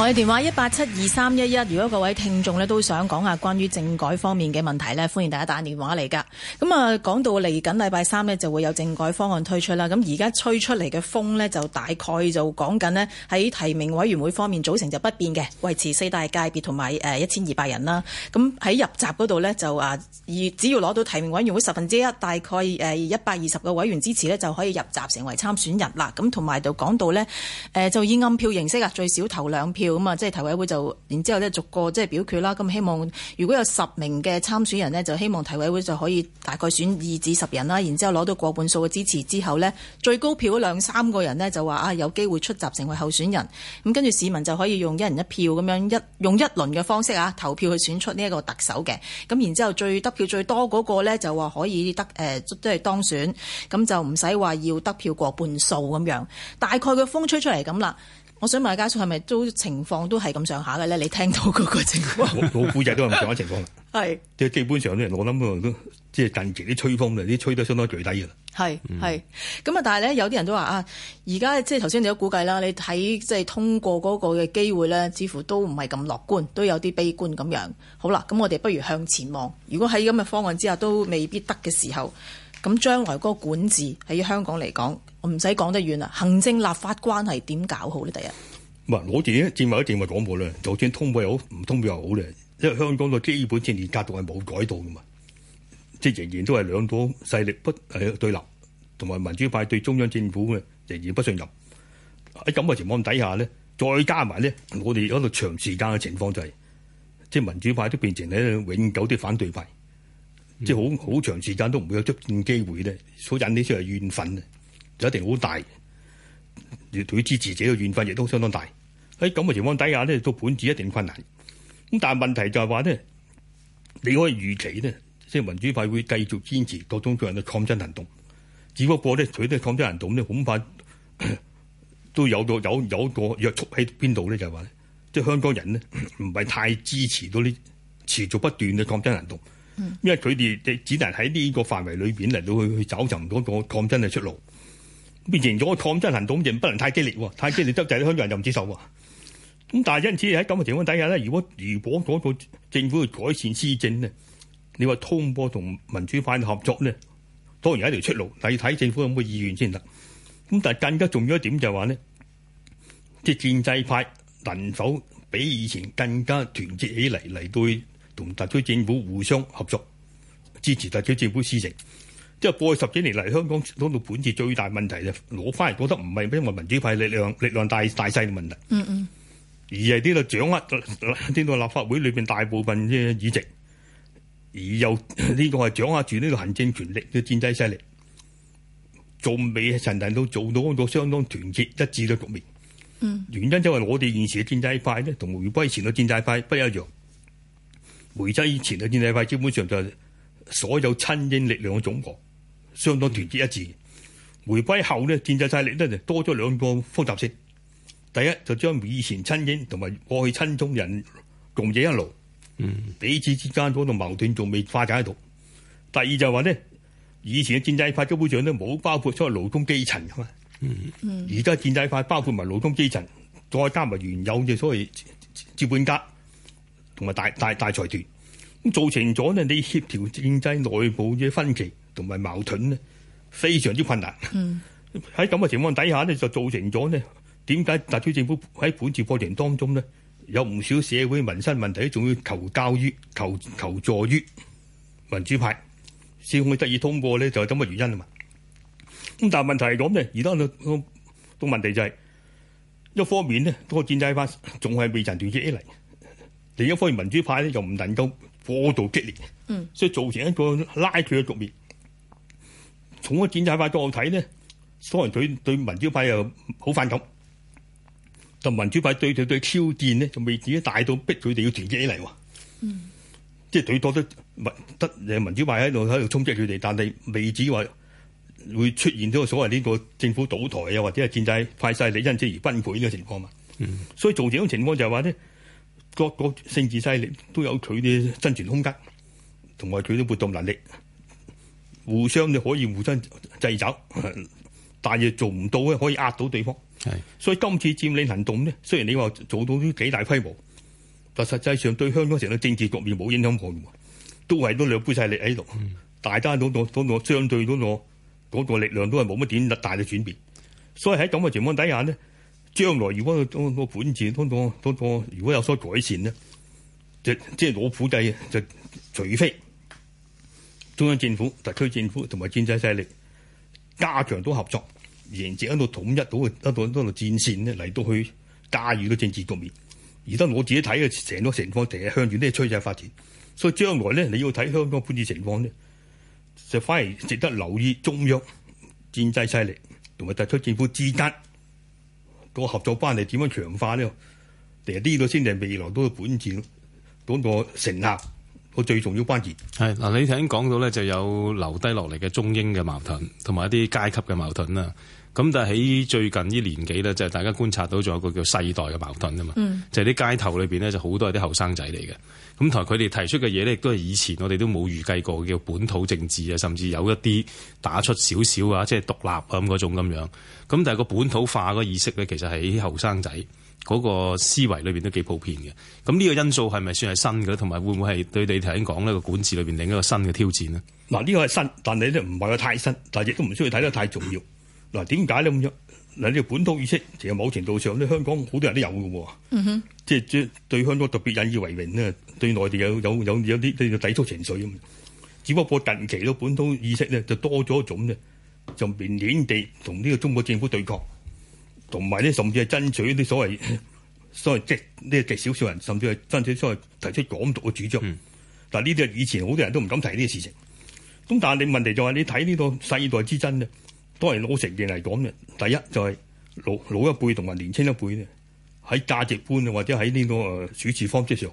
我嘅電話一八七二三一一，如果各位聽眾咧都想講下關於政改方面嘅問題咧，歡迎大家打電話嚟噶。咁啊，講到嚟緊禮拜三咧，就會有政改方案推出啦。咁而家吹出嚟嘅風咧，就大概就講緊咧，喺提名委員會方面組成就不變嘅，維持四大界別同埋誒一千二百人啦。咁喺入閘嗰度咧就啊，只要攞到提名委員會十分之一，大概誒一百二十個委員支持咧，就可以入閘成為參選人啦。咁同埋就講到咧，誒就以暗票形式啊，最少投兩票。咁啊，即係提委會就，然之後咧逐個即係表決啦。咁希望如果有十名嘅參選人呢，就希望提委會就可以大概選二至十人啦。然之後攞到過半數嘅支持之後呢，最高票兩三個人呢，就話啊有機會出閘成為候選人。咁跟住市民就可以用一人一票咁樣一用一輪嘅方式啊投票去選出呢一個特首嘅。咁然之後最得票最多嗰個呢，就話可以得誒係、呃即係、當選。咁就唔使話要得票過半數咁樣，大概嘅風吹出嚟咁啦。我想問阿家叔係咪都情況都係咁上下嘅咧？你聽到嗰個情況，老古仔都咁上下情況。係即係基本上咧，我諗都即係近期啲吹風咧，啲吹得相當最低嘅，係係咁啊！但係咧，有啲人都話啊，而家即係頭先你都估計啦。你睇即係通過嗰個嘅機會咧，似乎都唔係咁樂觀，都有啲悲觀咁樣。好啦，咁我哋不如向前望。如果喺咁嘅方案之下都未必得嘅時候，咁將來嗰個管治喺香港嚟講。唔使講得遠啦，行政立法關係點搞好呢？第一，唔係我自己，正話都正話講過咧。就算通過又好，唔通過又好咧，因為香港個基本政治格局係冇改到噶嘛，即係仍然都係兩黨勢力不對立，同埋民主派對中央政府嘅仍然不信任。喺咁嘅情況底下咧，再加埋咧，我哋喺度長時間嘅情況就係、是，即係民主派都變成咧永久啲反對派，嗯、即係好好長時間都唔會有出戰機會咧，所引啲出係怨憤啊。就一定好大，而佢支持者嘅怨憤亦都相當大喺咁嘅情況底下咧，都管治一定困難。咁但係問題就係話咧，你可以預期呢，即係民主派會繼續堅持各種各樣嘅抗爭行動。只不過咧，佢啲抗爭行動咧，恐怕都有個有有個約束喺邊度咧，就係話即係香港人咧唔係太支持到呢持續不斷嘅抗爭行動，因為佢哋只只能喺呢個範圍裏邊嚟到去去找尋嗰個抗爭嘅出路。變成咗嘅抗爭行動，仍不能太激烈，太激烈得製滯啲香港人就唔接受喎。咁但係因此喺咁嘅情況底下咧，如果如果嗰個政府去改善施政咧，你話通過同民主派嘅合作咧，當然係一條出路。你要睇政府有冇意願先得。咁但係更加重要一點就係話呢，即係建制派能否比以前更加團結起嚟嚟對同特區政府互相合作，支持特區政府施政，即係過去十幾年嚟，香港講到本次最大問題就攞翻嚟，我覺得唔係因為民主派力量力量大大細嘅問題，嗯嗯，而係呢度掌握呢、呢個立法會裏邊大部分嘅議席，而又呢個係掌握住呢個行政權力嘅建制勢力，仲未曾能做到，做到一個相當團結一致嘅局面，嗯，原因就係我哋現時嘅建制派咧，同回歸前嘅建制派不一樣，回歸以前嘅建制派基本上就係所有親英力量嘅總和。相當團結一致。回歸後咧，建制勢力咧就多咗兩個複雜性。第一就將以前親英同埋過去親中人共冶一爐，彼此之間嗰度矛盾仲未化解喺度。第二就係話咧，以前嘅建制派基本上都冇包括所謂勞工基層噶嘛。而、嗯、家建制派包括埋勞工基層，再加埋原有嘅所謂資本家同埋大大大財團，咁造成咗咧你協調建制內部嘅分歧。同埋矛盾咧，非常之困難。喺咁嘅情況底下呢，就造成咗呢點解特區政府喺管治過程當中呢，有唔少社會民生問題仲要求教於、求求助於民主派先可以得以通過呢就係咁嘅原因啊嘛。咁但係問題係咁咧，而家個個問題就係、是、一方面呢，個建制派仲係未斬斷啲毅力，另一方面，民主派呢又唔能夠過度激烈，嗯，所以造成一個拉鋸，嘅局面。從個建制派角度睇呢，當然，佢對民主派又好反感。但民主派對佢對挑戰呢，就未至於大到逼佢哋要團結起嚟。嗯，即係最多民得民得民主派喺度喺度衝擊佢哋，但係未至於話會出現咗所謂呢個政府倒台啊，或者係建制派勢力因之而崩潰嘅情況嘛。嗯，所以造成呢種情況就係話咧，各個政治勢力都有佢嘅生存空間，同埋佢嘅活動能力。互相你可以互相制走，但係做唔到咧，可以壓到對方。係，所以今次佔領行動咧，雖然你話做到啲幾大規模，但實際上對香港成個政治局面冇影響喎，都係兩杯勢力喺度，嗯，大家都攞，都攞相對都攞嗰個力量都係冇乜點大嘅轉變。所以喺咁嘅情況底下呢，將來如果個本盤子，嗰個如果有所改善咧，即即攞普制就隨飛。中央政府、特區政府同埋建制勢力加強到合作，形成一個統一到得到多條戰線嚟到去駕馭到政治局面。而家我自己睇嘅成個情況成日向住呢個趨勢發展，所以將來咧你要睇香港本地情況咧，就反而值得留意中央建制勢力同埋特區政府之間、嗰個合作關係點樣強化呢？咧，第呢個先至未來都本錢嗰個成立。最重要關鍵係嗱，你頭先講到咧，就有留低落嚟嘅中英嘅矛盾，同埋一啲階級嘅矛盾啦。咁但係喺最近呢年紀咧，就係、大家觀察到，仲有一個叫世代嘅矛盾啊嘛、嗯。就係、是、啲街頭裏面咧，就好多係啲後生仔嚟嘅。咁同埋佢哋提出嘅嘢咧，亦都係以前我哋都冇預計過嘅，叫本土政治啊，甚至有一啲打出少少啊，即、就、係、是、獨立咁嗰種咁樣。咁但係個本土化個意識咧，其實喺後生仔嗰個思維裏邊都幾普遍嘅，咁呢個因素係咪算係新嘅？同埋會唔會係對你頭先講呢個管治裏邊另一個新嘅挑戰呢？嗱，呢個係新，但係咧唔係話太新，但係亦都唔需要睇得太重要。嗱，點解咧咁樣？嗱，呢個本土意識，其實某程度上咧，香港好多人都有㗎喎。嗯哼。即係對香港特別引以為榮咧，對內地有有有有啲叫做抵觸情緒啊嘛。只不過近期咧，本土意識咧就多咗一種咧，就明顯地同呢個中國政府對抗。同埋咧，甚至係爭取啲所謂所謂即呢極少數人，甚至係爭取所謂提出港獨嘅主張，嗯，但呢啲係以前好多人都唔敢提呢啲事情。咁但係你問題就係、是、你睇呢個世代之爭呢都係老成嘅嚟講嘅，第一就係、是、老老一輩同埋年青一輩咧，喺價值觀啊或者喺呢、這個誒處事方式上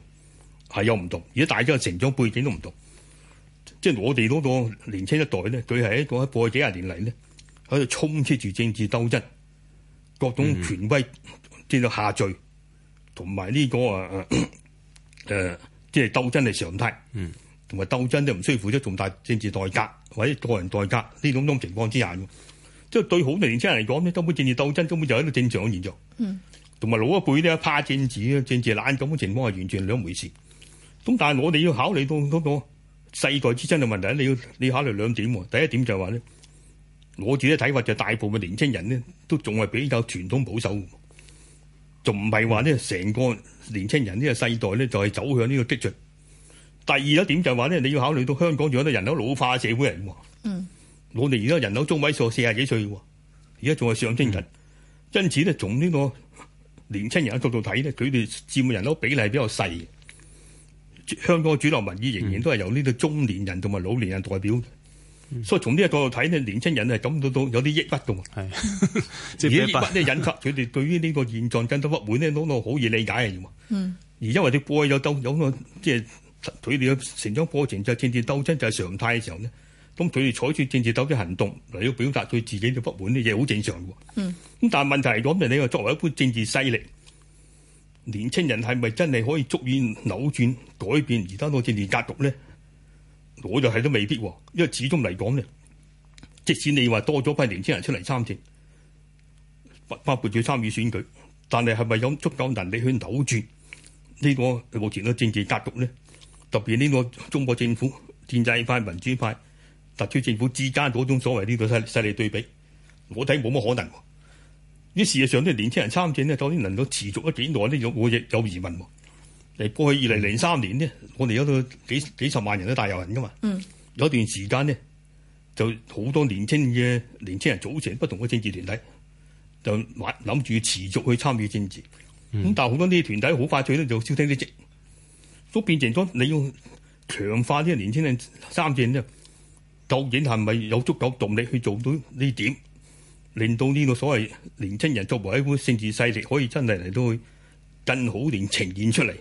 係有唔同，而家大家嘅成長背景都唔同。即、就、係、是、我哋嗰個年輕一代咧，佢係一個喺過去幾廿年嚟，咧喺度充斥住政治鬥爭。各種權威即係、嗯、下墜，同埋呢個啊誒，即係鬥爭嘅常態，同埋鬥爭都唔需要付出重大政治代價或者個人代價呢種種情況之下，即係對好多年輕人嚟講呢，根本政治鬥爭根本就係一個正常嘅正常現象，同、嗯、埋老一輩咧怕政治啊政治懶咁嘅情況係完全兩回事。咁但係我哋要考慮到嗰個世代之爭嘅問題，你要你要考慮兩點。第一點就係話咧，我自己睇法就大部分年青人呢，都仲係比較傳統保守，仲唔係話呢成個年青人呢個世代呢就係走向呢個激進。第二一點就係話呢，你要考慮到香港仲有啲人口老化社會、嗯、人，人，嗯，我哋而家人口中位數四啊幾歲，喎，而家仲係上青人，因此呢，從呢個年青人嘅角度睇呢，佢哋佔嘅人口比例比較細，香港主流民意仍然都係由呢個中年人同埋老年人代表。嗯、所以從呢角度睇咧，年青人啊感到都有啲抑鬱嘅係，抑鬱咧引發佢哋對於呢個現狀更多不滿呢當都好易理解嘅、嗯。而因為你 b o 有斗有即係佢哋嘅成長過程就政治鬥爭就常態嘅時候呢。咁佢哋採取政治鬥爭行動嚟表達對自己嘅不滿呢嘢好正常。咁、嗯、但係問題係你作為一般政治勢力，年青人係咪真係可以足以扭轉改變而得到政治格局呢？我就係都未必，因為始終嚟講呢，即使你話多咗批年青人出嚟參政，包括住參與選舉，但係係咪有足夠能力去扭轉呢個目前嘅政治格局呢？特別呢個中國政府建制派、民主派、特區政府之間嗰種所謂呢個勢勢力對比，我睇冇乜可能。呢，事實上，呢年青人參政呢，到底能夠持續咗幾耐呢？有我亦有疑問。嚟過去二零零三年咧，我哋有到幾、幾十萬人都大遊行噶嘛。有段時間呢，就好多年青嘅年青人組成不同嘅政治團體，就諗住持續去參與政治。咁但係好多呢啲團體好快脆咧就消聲匿跡，都變成咗你要強化呢啲年青人參政咧，究竟係咪有足夠動力去做到呢點？令到呢個所謂年青人作為一個政治勢力，可以真係嚟到去。更好，點呈現出嚟，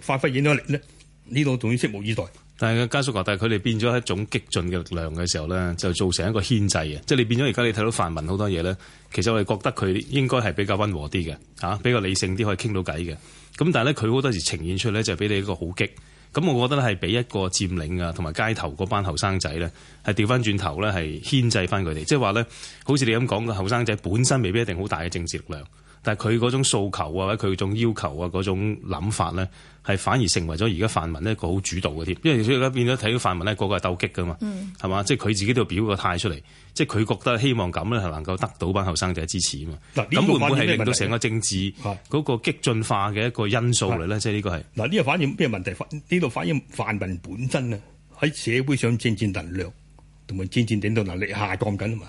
發揮影響力咧，呢個我仲要拭目以待。但係家叔話，但係佢哋變咗一種激進嘅力量嘅時候咧，就造成一個牽制即係、就是、你變咗而家，你睇到泛民好多嘢咧，其實我哋覺得佢應該係比較溫和啲嘅，嚇、啊、比較理性啲，可以傾到偈嘅。咁但係咧，佢好多時呈現出嚟咧，就俾你一個好激。咁我覺得係俾一個佔領啊，同埋街頭嗰班後生仔咧，係調翻轉頭咧，係牽制翻佢哋。即係話咧，好似你咁講嘅後生仔本身未必一定好大嘅政治力量。但係佢嗰種訴求啊，或者佢嗰種要求啊，嗰種諗法咧，係反而成為咗而家泛民一個好主導嘅添，因為而家變咗睇到泛民呢個個係鬥激㗎嘛，係、嗯、嘛，即係佢自己都表個態出嚟，即係佢覺得希望咁咧係能夠得到班後生仔支持啊嘛。咁、嗯、會唔會係令到成個政治嗰個激進化嘅一個因素嚟咧？即係呢個係嗱呢個反映咩問題？呢度反映泛民本身啊喺社會上正戰，戰能量同埋正戰頂戰度能力下降緊啊嘛。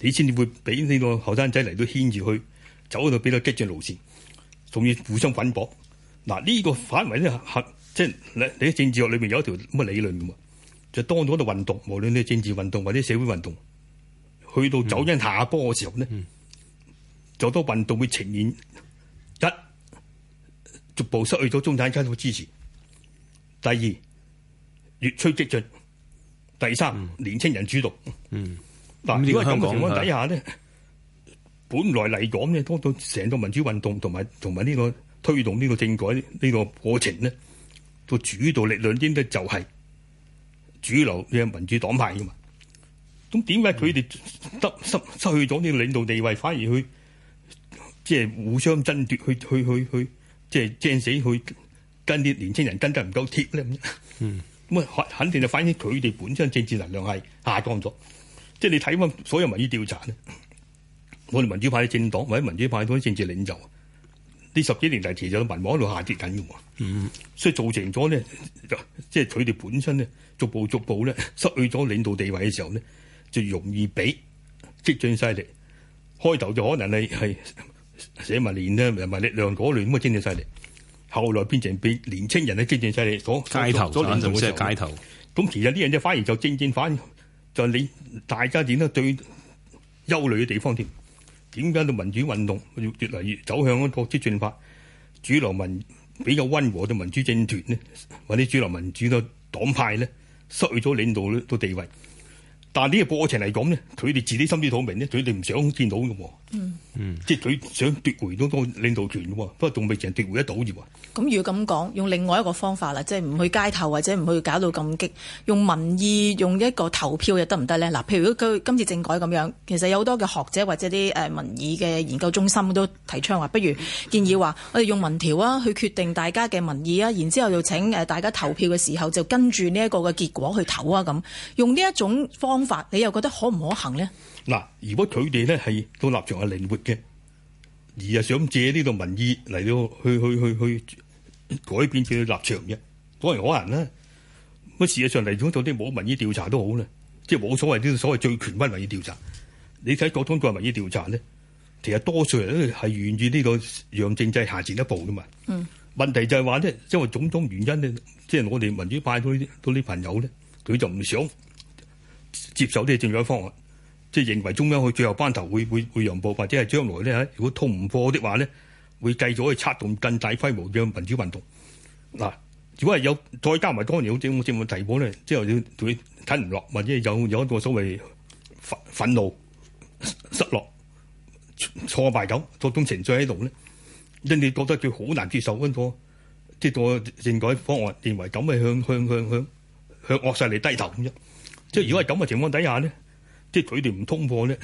你先你會俾呢個後生仔嚟到牽住去。走喺度俾到比較激進路線，仲要互相反駁。嗱、啊，這個、呢個範圍咧，即係你喺政治學裏面有一條乜理論嘅嘛？就當到喺度運動，無論你政治運動或者社會運動，去到走緊下坡嘅時候咧，就多運動會呈現一逐步失去咗中產階級支持。第二，越趨激進。第三，年青人主導。嗯，嗱、嗯，如果係咁嘅情況底下咧。本來嚟講呢，當成個民主運動同埋同埋呢個推動呢、這個政改呢、這個過程呢個主導力量應該就係主流嘅民主黨派噶嘛。咁點解佢哋失失失去咗呢個領導地位，反而去即係互相爭奪，去去去去，去，去，即係正死去跟啲年青人跟得唔夠貼咧？嗯，咁啊，肯定就反映佢哋本身政治能量係下降咗。即係你睇返所有民意調查呢我哋民主派嘅政黨或者民主派嗰政治領袖，呢十幾年嚟其實持續民望一路下跌緊嘅嗯，所以造成咗呢，即係佢哋本身呢，逐步逐步咧失去咗領導地位嘅時候呢，就容易俾激進勢力。開頭就可能係係社民連呢，人民力量嗰類咁嘅激進勢力，後來變成變年青人嘅激進勢力，嗰街頭咗年就冇街頭。咁其實呢樣嘢反而就正正反就你大家點咧最憂慮嘅地方添。點解到民主運動越嚟越走向一個激進化？主流民比較溫和嘅民主政團呢，或者主流民主嘅黨派呢，失去咗領導呢個地位。但呢個過程嚟講呢，佢哋自己心知肚明呢，佢哋唔想見到嘅喎。嗯嗯，即係佢想奪回到個領導權嘅喎，不過仲未淨係奪回得到嘅喎。咁、嗯嗯、如果咁講，用另外一個方法啦，即係唔去街頭或者唔去搞到咁激，用民意用一個投票又得唔得呢？嗱，譬如如果今次政改咁樣，其實有好多嘅學者或者啲誒民意嘅研究中心都提倡話，不如建議話我哋用民調啊，去決定大家嘅民意啊，然之後就請誒大家投票嘅時候就跟住呢一個嘅結果去投啊，咁用呢一種方法。法你又覺得可唔可行咧？嗱，如果佢哋咧，係個立場係靈活嘅，而係想借呢個民意嚟到去去去去改變佢立場嘅，當然可能啦。咁事實上嚟，如果做啲冇民意調查都好啦，即係冇所謂啲所謂最權威民意調查。你睇各種各人民意調查咧，其實多數人係願意呢個讓政制下前一步噶嘛。嗯，問題就係話咧，因為種種原因咧，即係我哋民主派到呢啲朋友咧，佢就唔想。接受啲政改方案，即係認為中央去最後班頭會會會讓步，或者係將來咧，如果通唔過的話咧，會繼續去策動更大規模嘅民主運動。嗱、啊，如果係有再加埋當年好似政府提過咧，之後要睇唔落，或者有有一個所謂憤憤怒、失落、挫敗感作種情緒喺度咧，因你覺得佢好難接受嗰、那個即、這個政改方案，認為咁係向向向向向惡勢力低頭咁樣。即係如果係咁嘅情況底下咧，即係佢哋唔通過咧，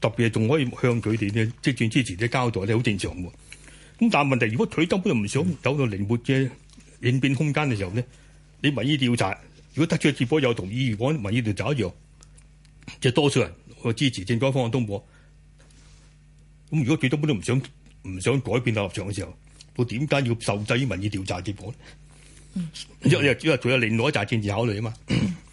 特別仲可以向佢哋咧即轉支持啲交代咧，好正常喎。咁但係問題，如果佢根本就唔想走到靈活嘅應變空間嘅時候咧，你民意調查如果得出嘅結果有同意，如果民意調查一樣，即係多數人去支持政改方案通過，咁如果佢根本都唔想唔想改變立場嘅時候，我點解要受制於民意調查結果咧？因因為佢有另外一紮政治考慮啊嘛，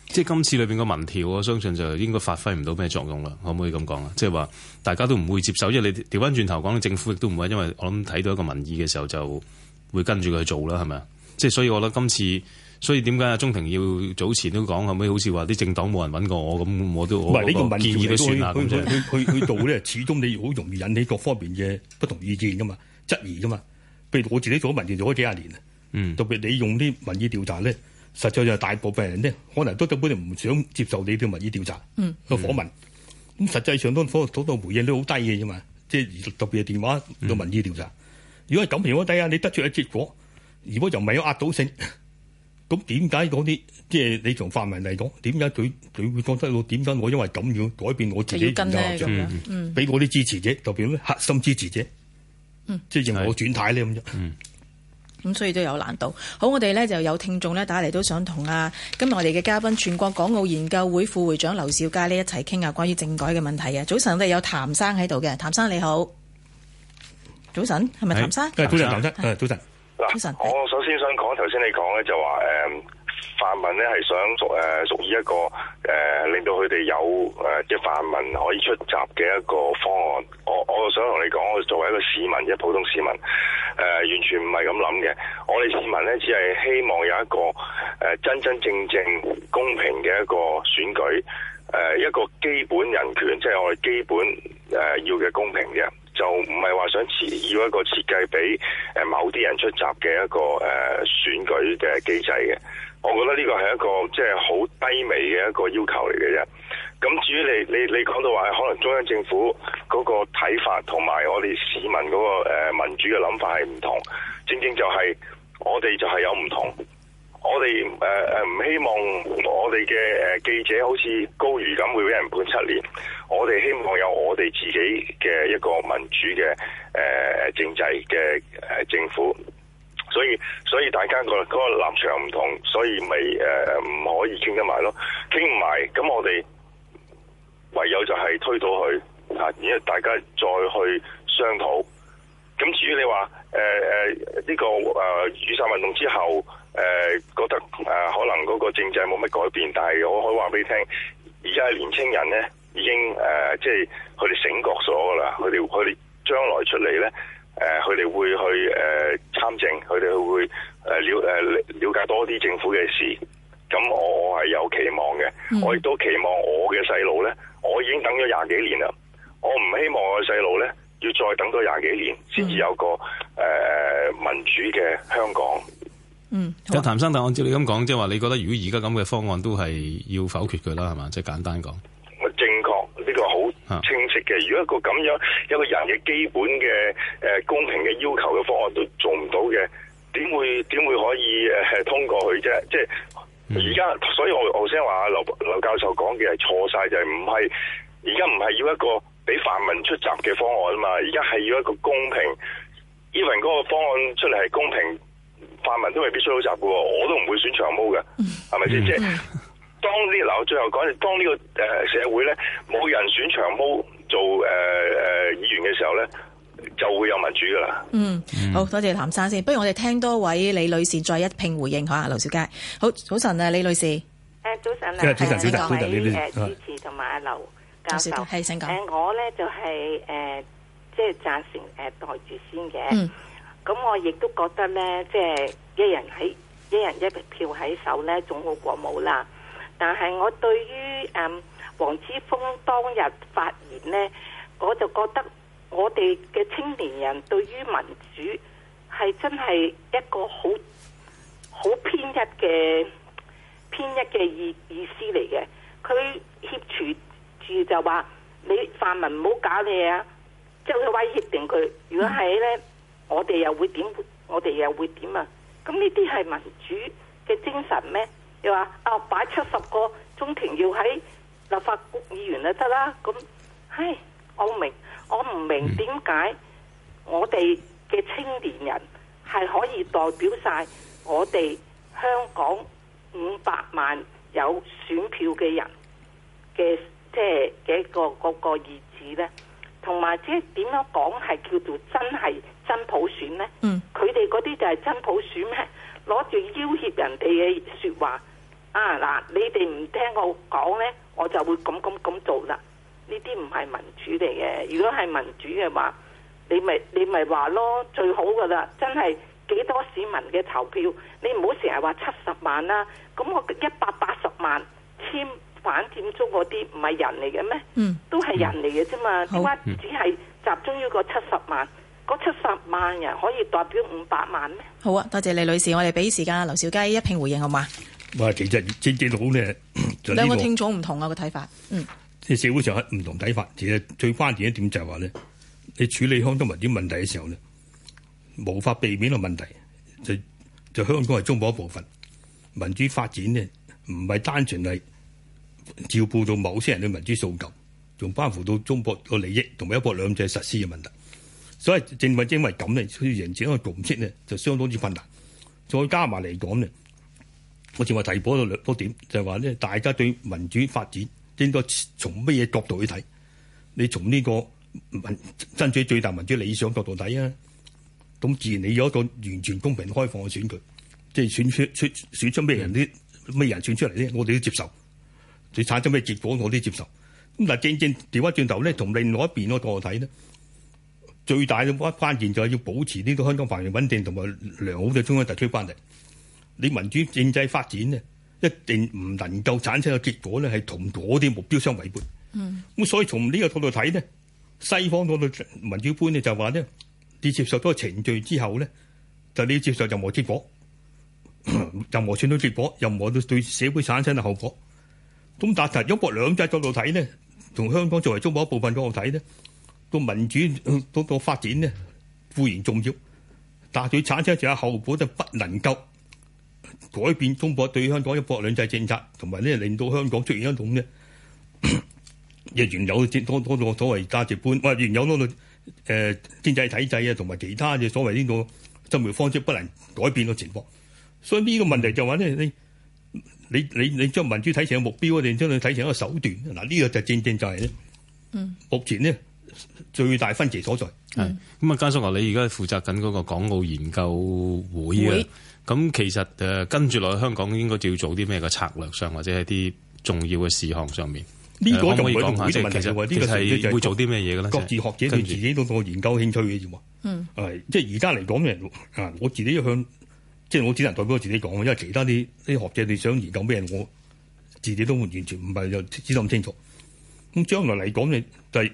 即係今次裏邊個民調，我相信就應該發揮唔到咩作用啦，可唔可以咁講啊？即係話大家都唔會接受，即係你調翻轉頭講，政府亦都唔會，因為我諗睇到一個民意嘅時候，就會跟住佢做啦，係咪啊？即係所以我覺得今次，所以點解阿鍾庭耀早前都講，可唔可以好似話啲政黨冇人揾過我咁，我都唔係呢個民調都，都算啦，去佢去做咧， 始終你好容易引起各方面嘅不同意見噶嘛，質疑噶嘛，譬如我自己做咗民調做咗幾廿年。嗯、特別你用啲民意調查咧，實際就係大部分人咧，可能都根本就唔想接受你啲民意調查個訪、嗯、問。咁、嗯、實際上都所所到回應都好低嘅啫嘛。即係特別係電話嘅民意調查、嗯，如果係咁，電話低啊，你得出嘅結果如果就唔係有壓倒性，咁點解嗰啲即係你從泛民嚟講，點解佢佢會覺得到？點解我因為咁樣改變我自己而家咁樣？嗯，俾嗰啲支持者，特別咧核心支持者，嗯、即係認為我轉態咧咁樣。嗯咁、嗯、所以都有難度。好，我哋咧就有聽眾咧打嚟，都想同啊今日我哋嘅嘉賓，全國港澳研究會副會長劉兆佳呢一齊傾下關於政改嘅問題嘅。早晨，我哋有譚生喺度嘅，譚生你好，早晨，係咪譚生？早晨。娘，譚生，早晨，早晨。我首先想講，頭先你講咧就話泛民咧係想屬誒屬於一個誒、呃、令到佢哋有誒即係泛民可以出閘嘅一個方案。我我想同你講，我作為一個市民，即係普通市民，誒、呃、完全唔係咁諗嘅。我哋市民咧只係希望有一個誒、呃、真真正正公平嘅一個選舉，誒、呃、一個基本人權，即係我哋基本誒、呃、要嘅公平嘅，就唔係話想設要一個設計俾誒某啲人出閘嘅一個誒、呃、選舉嘅機制嘅。我覺得呢個係一個即係好低微嘅一個要求嚟嘅啫。咁至於你你你講到話，可能中央政府嗰個睇法同埋我哋市民嗰個誒民主嘅諗法係唔同，正正就係我哋就係有唔同。我哋誒誒唔希望我哋嘅誒記者好似高瑜咁會俾人判七年。我哋希望有我哋自己嘅一個民主嘅誒政制嘅誒政府。所以，所以大家個嗰個立場唔同，所以咪誒唔可以傾得埋咯，傾唔埋，咁我哋唯有就係推到去，啊，因為大家再去商討。咁至於你話誒誒呢個誒、呃、雨傘運動之後誒、呃、覺得誒、呃、可能嗰個政制冇乜改變，但係我可以話俾你聽，而家年青人咧已經誒即係佢哋醒覺咗噶啦，佢哋佢哋將來出嚟咧。誒、呃，佢哋會去誒參、呃、政，佢哋會誒、呃、了誒、呃、了解多啲政府嘅事。咁我我係有期望嘅，嗯，我亦都期望我嘅細路咧，我已經等咗廿幾年啦，我唔希望我嘅細路咧要再等多廿幾年，先至有個誒、嗯呃、民主嘅香港。嗯，阿譚生，但按照你咁講，即係話你覺得如果而家咁嘅方案都係要否決佢啦，係嘛？即、就、係、是、簡單講。清晰嘅，如果一個咁樣一個人嘅基本嘅誒、呃、公平嘅要求嘅方案都做唔到嘅，點會點會可以誒、呃、通過佢啫？即係而家，所以我我先話阿劉劉教授講嘅係錯晒，就係唔係而家唔係要一個俾泛民出閘嘅方案啊嘛？而家係要一個公平，even 嗰個方案出嚟係公平，泛民都係必須出閘嘅，我都唔會選長毛嘅，係咪先？ 當呢，嗱，我最後講，當呢個誒社會咧冇人選長毛做誒誒議員嘅時候咧，就會有民主噶啦。嗯，好多謝譚生先，不如我哋聽多位李女士再一併回應下劉小姐。好早晨啊，李女士。誒，早晨啊，係陳生喺誒主持同埋阿劉教授。係我咧就係、是、誒，即係贊成誒袋住先嘅。咁、嗯嗯、我亦都覺得咧，即係一人喺一人一票喺手咧，總好過冇啦。但係我對於誒黃、um, 之鋒當日發言呢，我就覺得我哋嘅青年人對於民主係真係一個好好偏一嘅偏一嘅意意思嚟嘅。佢協處住就話你泛民唔好搞你啊，即係佢威脅定佢。如果係呢，我哋又會點？我哋又會點啊？咁呢啲係民主嘅精神咩？又話啊，擺七十個中庭要喺立法局議員就得啦。咁，唉，我明，我唔明點解我哋嘅青年人係可以代表晒我哋香港五百萬有選票嘅人嘅，即係嘅個、嗰個意志咧。同埋即係點樣講係叫做真係真普選咧？嗯，佢哋嗰啲就係真普選咩？攞住要挾人哋嘅說話。啊嗱！你哋唔聽我講呢，我就會咁咁咁做啦。呢啲唔係民主嚟嘅。如果係民主嘅話，你咪你咪話咯，最好噶啦。真係幾多市民嘅投票？你唔好成日話七十萬啦。咁我一百八十萬簽反佔中嗰啲，唔係人嚟嘅咩？都係人嚟嘅啫嘛。嗯、點解只係集中於個七十萬？嗰七十萬人可以代表五百萬咩？好啊！多謝李女士，我哋俾時間劉兆佳一併回應好嘛？哇！其實正正好咧，兩個清楚唔同啊，個睇法。嗯，即係社會上係唔同睇法。其實最關鍵一點就係話咧，你處理香港民主問題嘅時候咧，無法避免嘅問題。就就香港係中國一部分，民主發展呢，唔係單純係照顧到某些人嘅民主訴求，仲關乎到中國嘅利益同埋一國兩制實施嘅問題。所以正係正因為咁咧，所以形成一個共識呢，就相當之困難。再加埋嚟講呢。我只話提到咗兩個點，就係話咧，大家對民主發展應該從乜嘢角度去睇？你從呢個民爭取最大民主理想角度睇啊，咁自然你有一個完全公平開放嘅選舉，即係選出選出咩人啲咩人選出嚟咧，我哋都接受。你產生咩結果，我哋都接受。咁但正正調翻轉頭咧，從另外一邊個角度睇咧，最大嘅關鍵就係要保持呢個香港繁榮穩定同埋良好嘅中央特區關係，你民主政制發展咧，一定唔能夠產生個結果呢，係同嗰啲目標相違背。嗯，咁所以從呢個角度睇呢，西方嗰個民主觀呢，就話呢，你接受咗個程序之後呢，就你接受任何結果，任何選舉結果，任何對對社會產生嘅後果。咁但係一國兩制角度睇呢，從香港作為中國一部分角度睇呢，個民主嗰個發展呢，固然重要，但係佢產生咗後果就不能夠。改變中國對香港一國兩制政策，同埋咧令到香港出現一種咧，亦原有接多多個所謂價值觀，或、啊、原有嗰個誒經濟體制啊，同埋其他嘅所謂呢個生活方式不能改變嘅情況，所以呢個問題就話咧，你你你將民主睇成個目標，我哋將佢睇成一個手段，嗱、啊、呢、這個就正正就係咧。嗯，目前呢。嗯最大分歧所在。係咁啊，佳叔啊，你而家負責緊嗰個港澳研究會啊。咁其實誒，跟住落去香港應該就要做啲咩嘅策略上，或者係啲重要嘅事項上面。呢、這個可可就唔係唔會問嘅、就是。呢個係會做啲咩嘢嘅咧？各自學者對自己都做研究興趣嘅啫。嗯。即係而家嚟講咧，啊，我自己一向，即係我只能代表我自己講，因為其他啲啲學者你想研究咩，我自己都完全唔係又知道咁清楚。咁將來嚟講咧，就係。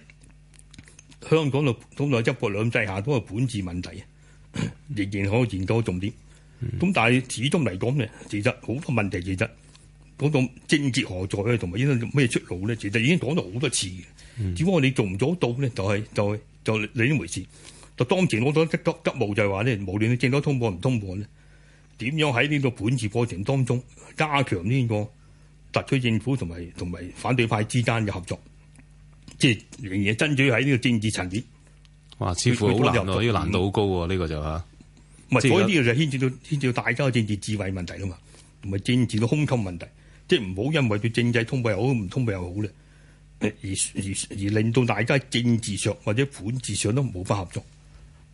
香港咁耐一國兩制下都係本治問題啊，仍然可以研究重點。咁、嗯、但係始終嚟講咧，其實好多問題，其實講到症結何在咧，同埋應該咩出路咧，其實已經講咗好多次，嗯。只不過你做唔做到咧，就係、是、就係就另一回事。就當前我覺得急急務就係話咧，無論你政黨通過唔通過咧，點樣喺呢個本治過程當中加強呢個特區政府同埋同埋反對派之間嘅合作。即係仍然係爭取喺呢個政治層面，哇，似乎好難咯，呢個難度好、嗯、高喎、啊，呢、這個就吓。唔係，所以呢個就牽涉到牽涉到大家嘅政治智慧問題啦嘛，唔係政治嘅胸襟問題，即係唔好因為對政制通過又好唔通過又好咧，而而而令到大家政治上或者管治上都冇法合作。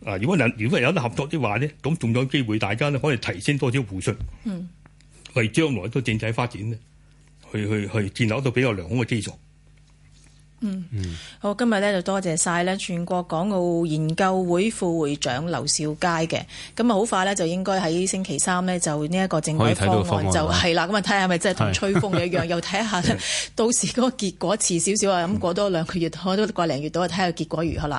啊，如果能如果有得合作嘅話咧，咁仲有機會大家咧可以提升多少互信，嗯，為將來嘅政制發展咧，去去去建立一個比較良好嘅基礎。嗯，好，今日咧就多謝晒咧全國港澳研究會副會長劉兆佳嘅。咁啊，好快咧，就應該喺星期三咧，就呢一個政改方案就係啦。咁啊，睇下係咪真係同吹風一樣， 又睇下呢到時嗰個結果遲少少啊。咁過多兩個月，可能都個零月到，睇下結果如何啦。